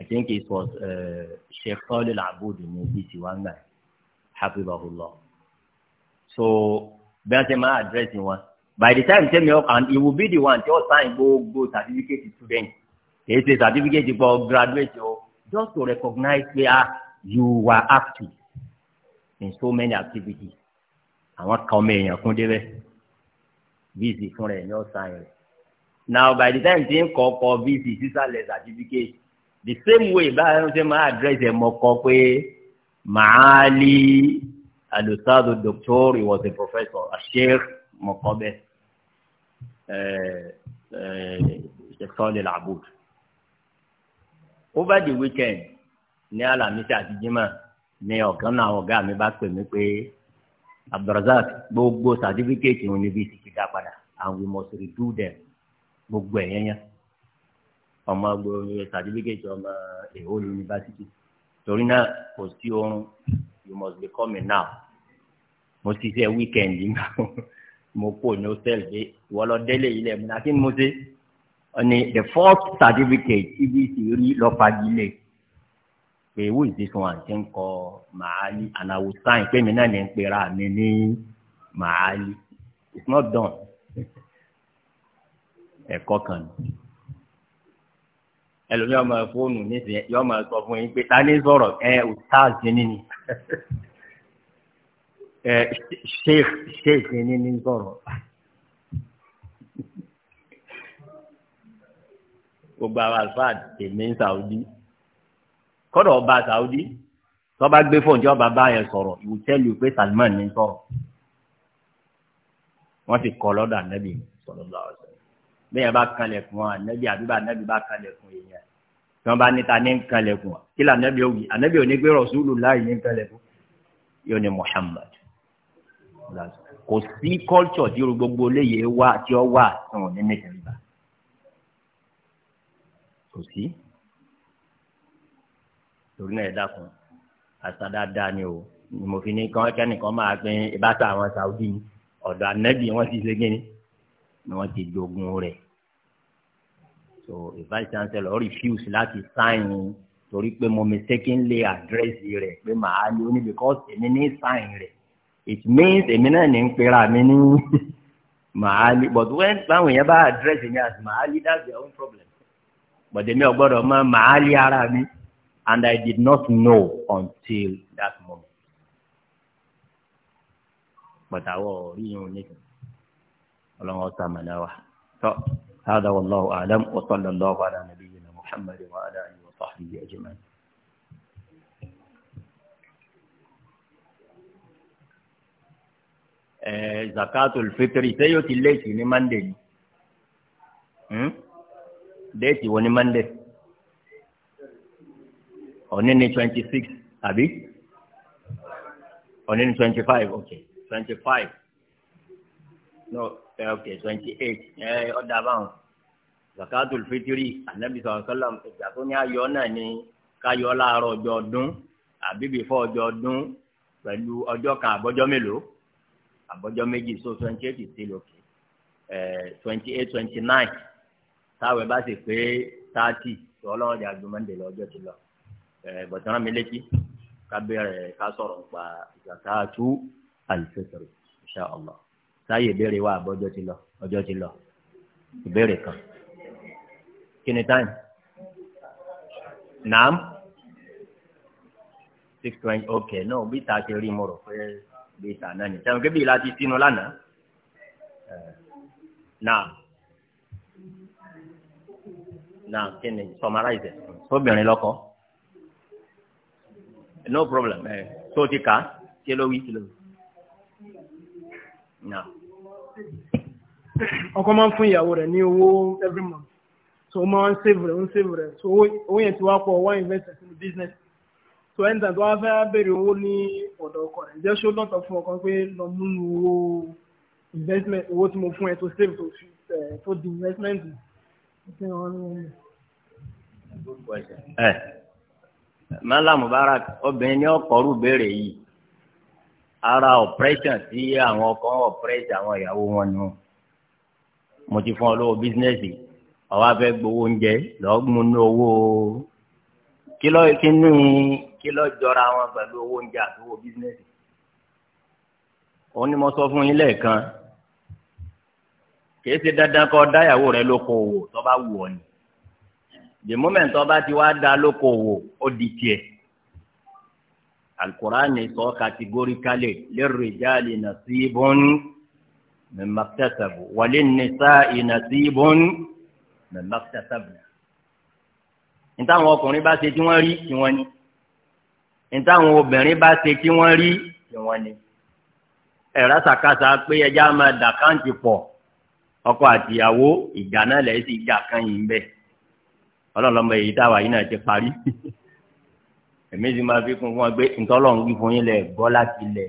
I think it was uh, Sheikh Khalil Aboud ní bíi tiwa ńlá Allah. so that's wọ́n ṣe máa address by the time tẹ́mi ọkọ̀ and it will be the one tí ó sign gbogbo certificate student It's a certificate for graduate just to recognize where ah, you were active in so many activities àwọn kan ọmọ èèyàn kún débẹ̀ vc fúnra ẹ̀ ní now by the time tí for kọ́ this is a certificate the same way báyọ̀ ṣe máa address ẹ̀ mọ́kàn pé màálí alùsáàdù doctor he was a professor asheikh mọ̀kọ́bẹ́ ṣèkọ́lẹ̀ eh, eh, làbùd. over the weekend ní alamisa àti jimá ni ọ̀kan náà ọ̀gá mi bá pè mí pé abdulrasaq gbogbo certificate òun níbi ìsìnkú dá padà and we must redo them gbogbo ẹ̀yẹ́yẹ́ ọmọ gbòòrò sàdífíkẹ́tì ọmọ èhó yunifásitì torí náà kò sí oorun you must be coming now mo ṣiṣẹ́ wíkẹ̀ndì náà mo kó ní hostel dé wọlọdẹlẹ ilẹ mi àti mo ṣe ọni the fourth certificate tbc rí lọfagilé pé who is this one ti ń kọ màálí and i will sign pé mi náà ní ń pera mi ní màálí it's not done ẹ̀kọ́ kan ni ẹlòmí ọmọ fóònù nísìnyẹ yọ ọmọ sọ fún yín pé ta ní sọ̀rọ̀ ẹ ò táàzì níní ẹ sheikh sheikh níní sọ̀rọ̀ gbogbo àwọn àlùfáà tèmi ń Saudi kọ́dọ̀ ọba Saudi tọ́ba gbé fóònù tí ọba bá yẹn sọ̀rọ̀ ìwù tẹ́lẹ̀ pé Salman ní sọ̀rọ̀ wọ́n ti kọ́ lọ́dọ̀ ànábì sọ̀rọ̀ lọ́wọ́ sọ bẹ́ẹ̀ bá kanlẹ̀kùn ànábì àbíbá ànábì bá kanlẹ̀kùn èèyàn tí wọ́n bá níta ní kanlẹ̀kùn kí lè ànábì òwì ànábì òní gbé Rasulullahi ní kanlẹ̀kùn yóò ní Muhammad kò sí culture tí gbogbo léyè wá tí ó wà tí wọn ní nìkẹ́rìbà kò sí torí náà ẹ dákun àtàdáadáa ni o ni mo fi ní kẹ́nìkan máa gbin ìbátan àwọn Saudi ọ̀dọ̀ ànábì wọn ti ṣe gíní ni wọ́n ti jogun rẹ̀ so a vice chancellor refuse láti sign torí pé mo mistakenly address rẹ̀ pé màá ní ó ní because èmi ní sign rẹ̀ it means èmi náà ní ń pera mi ní màálí but when báwọn yẹn bá address mi as màálí that's their own problem but èmi ò gbọ́dọ̀ mọ màálí ara mi and I did not know until that moment but àwọn ò rí yẹn ò níkan. هذا والله أعلم وصلى الله على نبينا محمد وعلى آله وصحبه أجمعين زكاة الفطر سيوتي ليتي نمان دي ديتي ونمان دي ونيني 26 أبي ونيني 25 أوكي okay. 25 نو no. Eh, ok twenty eight ẹ eh, ọ̀dà báwọn zakatul fitiri anabi sọ̀rọ̀ sọ́lá ìgbà tó ní ayọ̀ náà ni káyọ̀ láàárọ̀ ọjọ́ ọdún àbíbí fọ́ ọjọ́ ọdún pẹ̀lú ọjọ́ kan àbọ́jọ́ mélòó àbọ́jọ́ méjì so twenty eight is still okay eh, twenty eight twenty nine táwọn ẹ bá sì pé thirty tó ọlọ́run jà ju mọ́ndé ti lọ bọ̀tán mi létí ká ká sọ̀rọ̀ nípa zakatu alifẹ́sọ̀rọ̀ insha sáyè ìbéèrè wa àbọ̀jọ́ ti lọ ọjọ́ ti lọ ìbéèrè kan kí ni táyì nàám six twenty ok náà bí ta ṣe rí mo rò pé bí ta náà ní sẹ́wọ̀n kébì láti sínú lánàá náà eh, náà kí ni summarize sóbìnrin lọ́kọ no problem ẹ eh, tó ti kà á kí ló wí kí ló náà ọkọ máa ń fún ìyàwó rẹ̀ ní owó every month so máa ń save rẹ̀ ń save rẹ̀ so owó yẹn ti wá pọ̀ wá invest in business so ẹni tàn tó wá fẹ́ béèrè owó ní ọ̀dọ̀ ọkọ rẹ̀ jẹ́ ṣó lọ́tọ̀ fún ọkọ pé lọ mú owó investment owó tí mo fún ẹ tó save tó fi tó di investment ẹ eh, mọ́lá mubarak obìnrin ni ọkọ̀ rú béèrè yìí ara operation tí àwọn ọkọ operate àwọn ìyàwó wọn nù mo ti fún ọ lówó bísínẹ́sì ọwọ́ afẹ́ gbowó oúnjẹ lọ́ọ́ mú ní owó kílọ̀ kíní kílọ̀ jọra wọn pẹ̀lú owó oúnjẹ àti owó bísínẹ́sì òun ni mo sọ fún yín lẹ́ẹ̀kan kìí ṣe dandan kó dáyàwó rẹ lóko òwò tó wù ọ́ ni the moment tó ti wá dá lóko òwò ó di tiẹ̀ alukur'ani sọ katigorikale lirrijali nasibun mimma iktasabu walinnisa'i nasibun mimma iktasabna. nítawọ̀n ọkùnrin bá ṣe tí wọ́n rí tí wọ́n ní nítawọ̀n obìnrin bá ṣe tí wọ́n rí tí wọ́n ní. ẹ̀rọ sàkàsà pé ẹja máa dàkáǹtì pọ̀ ọkọ àtìyàwó ìjà náà lẹ́yìn sí ìjà kan yìí ń bẹ ọlọ́lọ́mọ èyí táwa yìí náà ti parí èmi sì máa fi kún fún wa pé ntọ́lọ́run wí fún yín lẹ̀ gbọ́ láti lẹ̀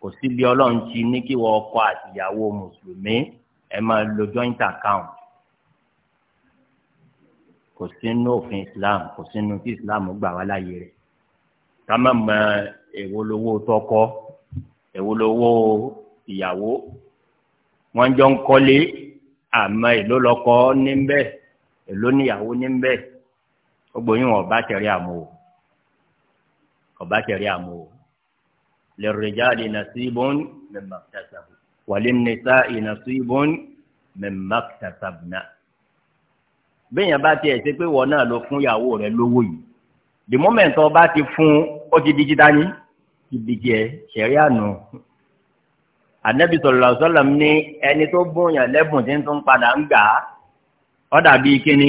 kò sí bí ọlọ́run ti ní kí wọ́n ọkọ àtìyàwó mùsùlùmí ẹ máa lo joint account kò sínú òfin islam kò sínú tí islam gbà wá láàyè rẹ̀ ká má mọ èwo lowó tọkọ èwo lowó ìyàwó wọn jọ ń kọ́lé àmọ́ èló lọkọ ní bẹ́ẹ̀ èló níyàwó ní bẹ́ẹ̀ gbogbo yín wọn bá tẹ̀lé àmọ́ o ọba tẹ̀rí àmọ́ o lirrijali nasibun mimma ktasabu walinnisa'i nasibun mimma ktasabna. bẹ́ẹ̀ yẹn bá tiẹ̀ ṣe pé wọ́n náà ló fún ìyàwó rẹ̀ lówó yìí the moment ọba ti fún ó ti di jíta ní ti di jẹ ṣẹ̀rí àná anabi sallallahu alaihi wasallam ní ẹni tó bóyàn lẹ́bùn tí ń tún padà ń gbà á ó dàbí kínní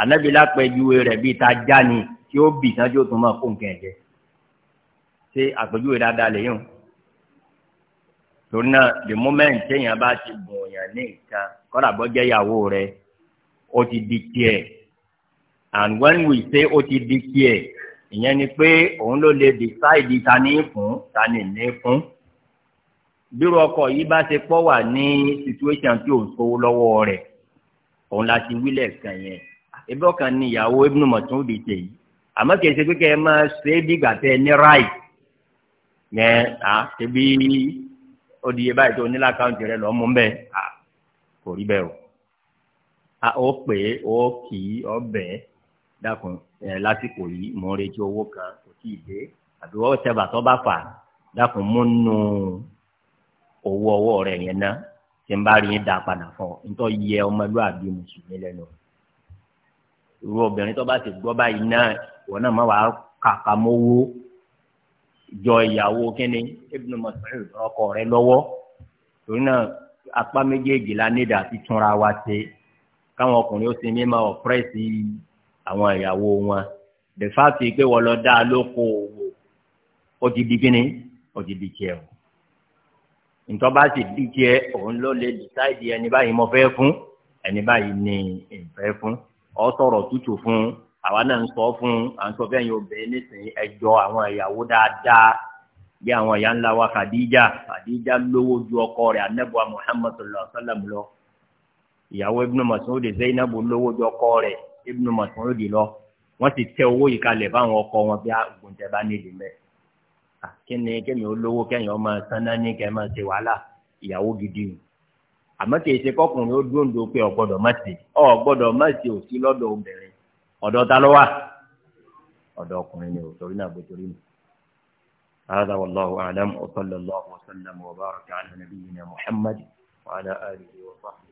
anabi lápẹjuwe rẹ̀ bíi ta já ni tí ó bì sájú tó máa kó nǹkan ẹ̀jẹ̀ ṣe àpèjúwe dáadáa lẹ́yìn torí náà the moment téèyàn bá ti bòòyàn ní nǹkan kọ́dà bọ́ jẹ́ ìyàwó rẹ̀ ó ti di tiẹ̀ and when we say ó ti di tiẹ̀ ìyẹn ni pé òun ló lè decide ta ní fún ta ní ní fún bírò ọkọ yìí bá ṣe pọ̀ wà ní situation tí ò ń sówó lọ́wọ́ rẹ̀ òun la ti wílẹ̀ kàn yẹn ebi ọkàn ni ìyàwó Ibn Mas'ud di tèyí àmọ́ kìí ṣe pé kẹ́ ẹ máa ṣe é bí gbàtẹ́ ní right ní à tẹbi odiye báyìí tó ní lákàntì rẹ lọ mú bẹ à kò rí bẹ o a ó pè é ó kì í ọbẹ dákun ẹ lásìkò yìí mò ń retí owó kan kò tí ì dé àbí wọn tẹ bàtọ bá fà dákun mú nù owó ọwọ́ rẹ yẹn náà tí n bá rí yín dá padà fún ọ nítorí yẹ ọmọlúwàbí mùsùlùmí lẹ́nu irú obìnrin tó bá ti gbọ́ báyìí náà wọn náà má wàá kàkà mówó jọ ìyàwó kínní Ibn Mas'ud ọkọ rẹ̀ lọ́wọ́ torí náà apá méjèèjì la nídà ti túnra wa ṣe káwọn ọkùnrin ó sì ní máa ọ̀pẹ́rẹ́sì àwọn ìyàwó wọn the fact pé wọ́n lọ dá lóko òwò ó ti di kínní ó ti di tiẹ̀ o ntọ́ bá sì di tiẹ̀ òun ló lè decide ẹni báyìí mo fẹ́ fún ẹni báyìí ni ìfẹ́ fún ọ sọ̀rọ̀ tútù fún àwa náà ń sọ fún à ń sọ bẹ́ẹ̀ yóò bẹ́ẹ̀ nísìnyí ẹjọ́ àwọn ìyàwó dáadáa bí àwọn ìyá ńlá wa Khadija Khadija lówó ju ọkọ rẹ̀ anabuwa Muhammad sallallahu alaihi wa sallam lọ ìyàwó Ibn Mas'ud Zainabu lówó ju ọkọ rẹ̀ Ibn Mas'ud lọ wọ́n ti tẹ owó yìí kalẹ̀ fáwọn ọkọ wọn bí agbóńtẹ bá nílì mẹ kíni kémi olówó kẹyìn ọmọ sanna ní kẹyìn máa ṣe wàhálà ìyàwó gidi o àmọ́ kì í ṣe kọkùnrin ó dúró pé ọgbọ́dọ̀ má ṣe ọgbọ́dọ̀ má ṣe òsí lọ́dọ̀ obìnrin ọ̀dọ̀ ta ló wà ọ̀dọ̀ ọkùnrin ni ò torí náà bó torí mi. هذا والله أعلم وصلى الله وسلم وبارك على نبينا محمد وعلى آله وصحبه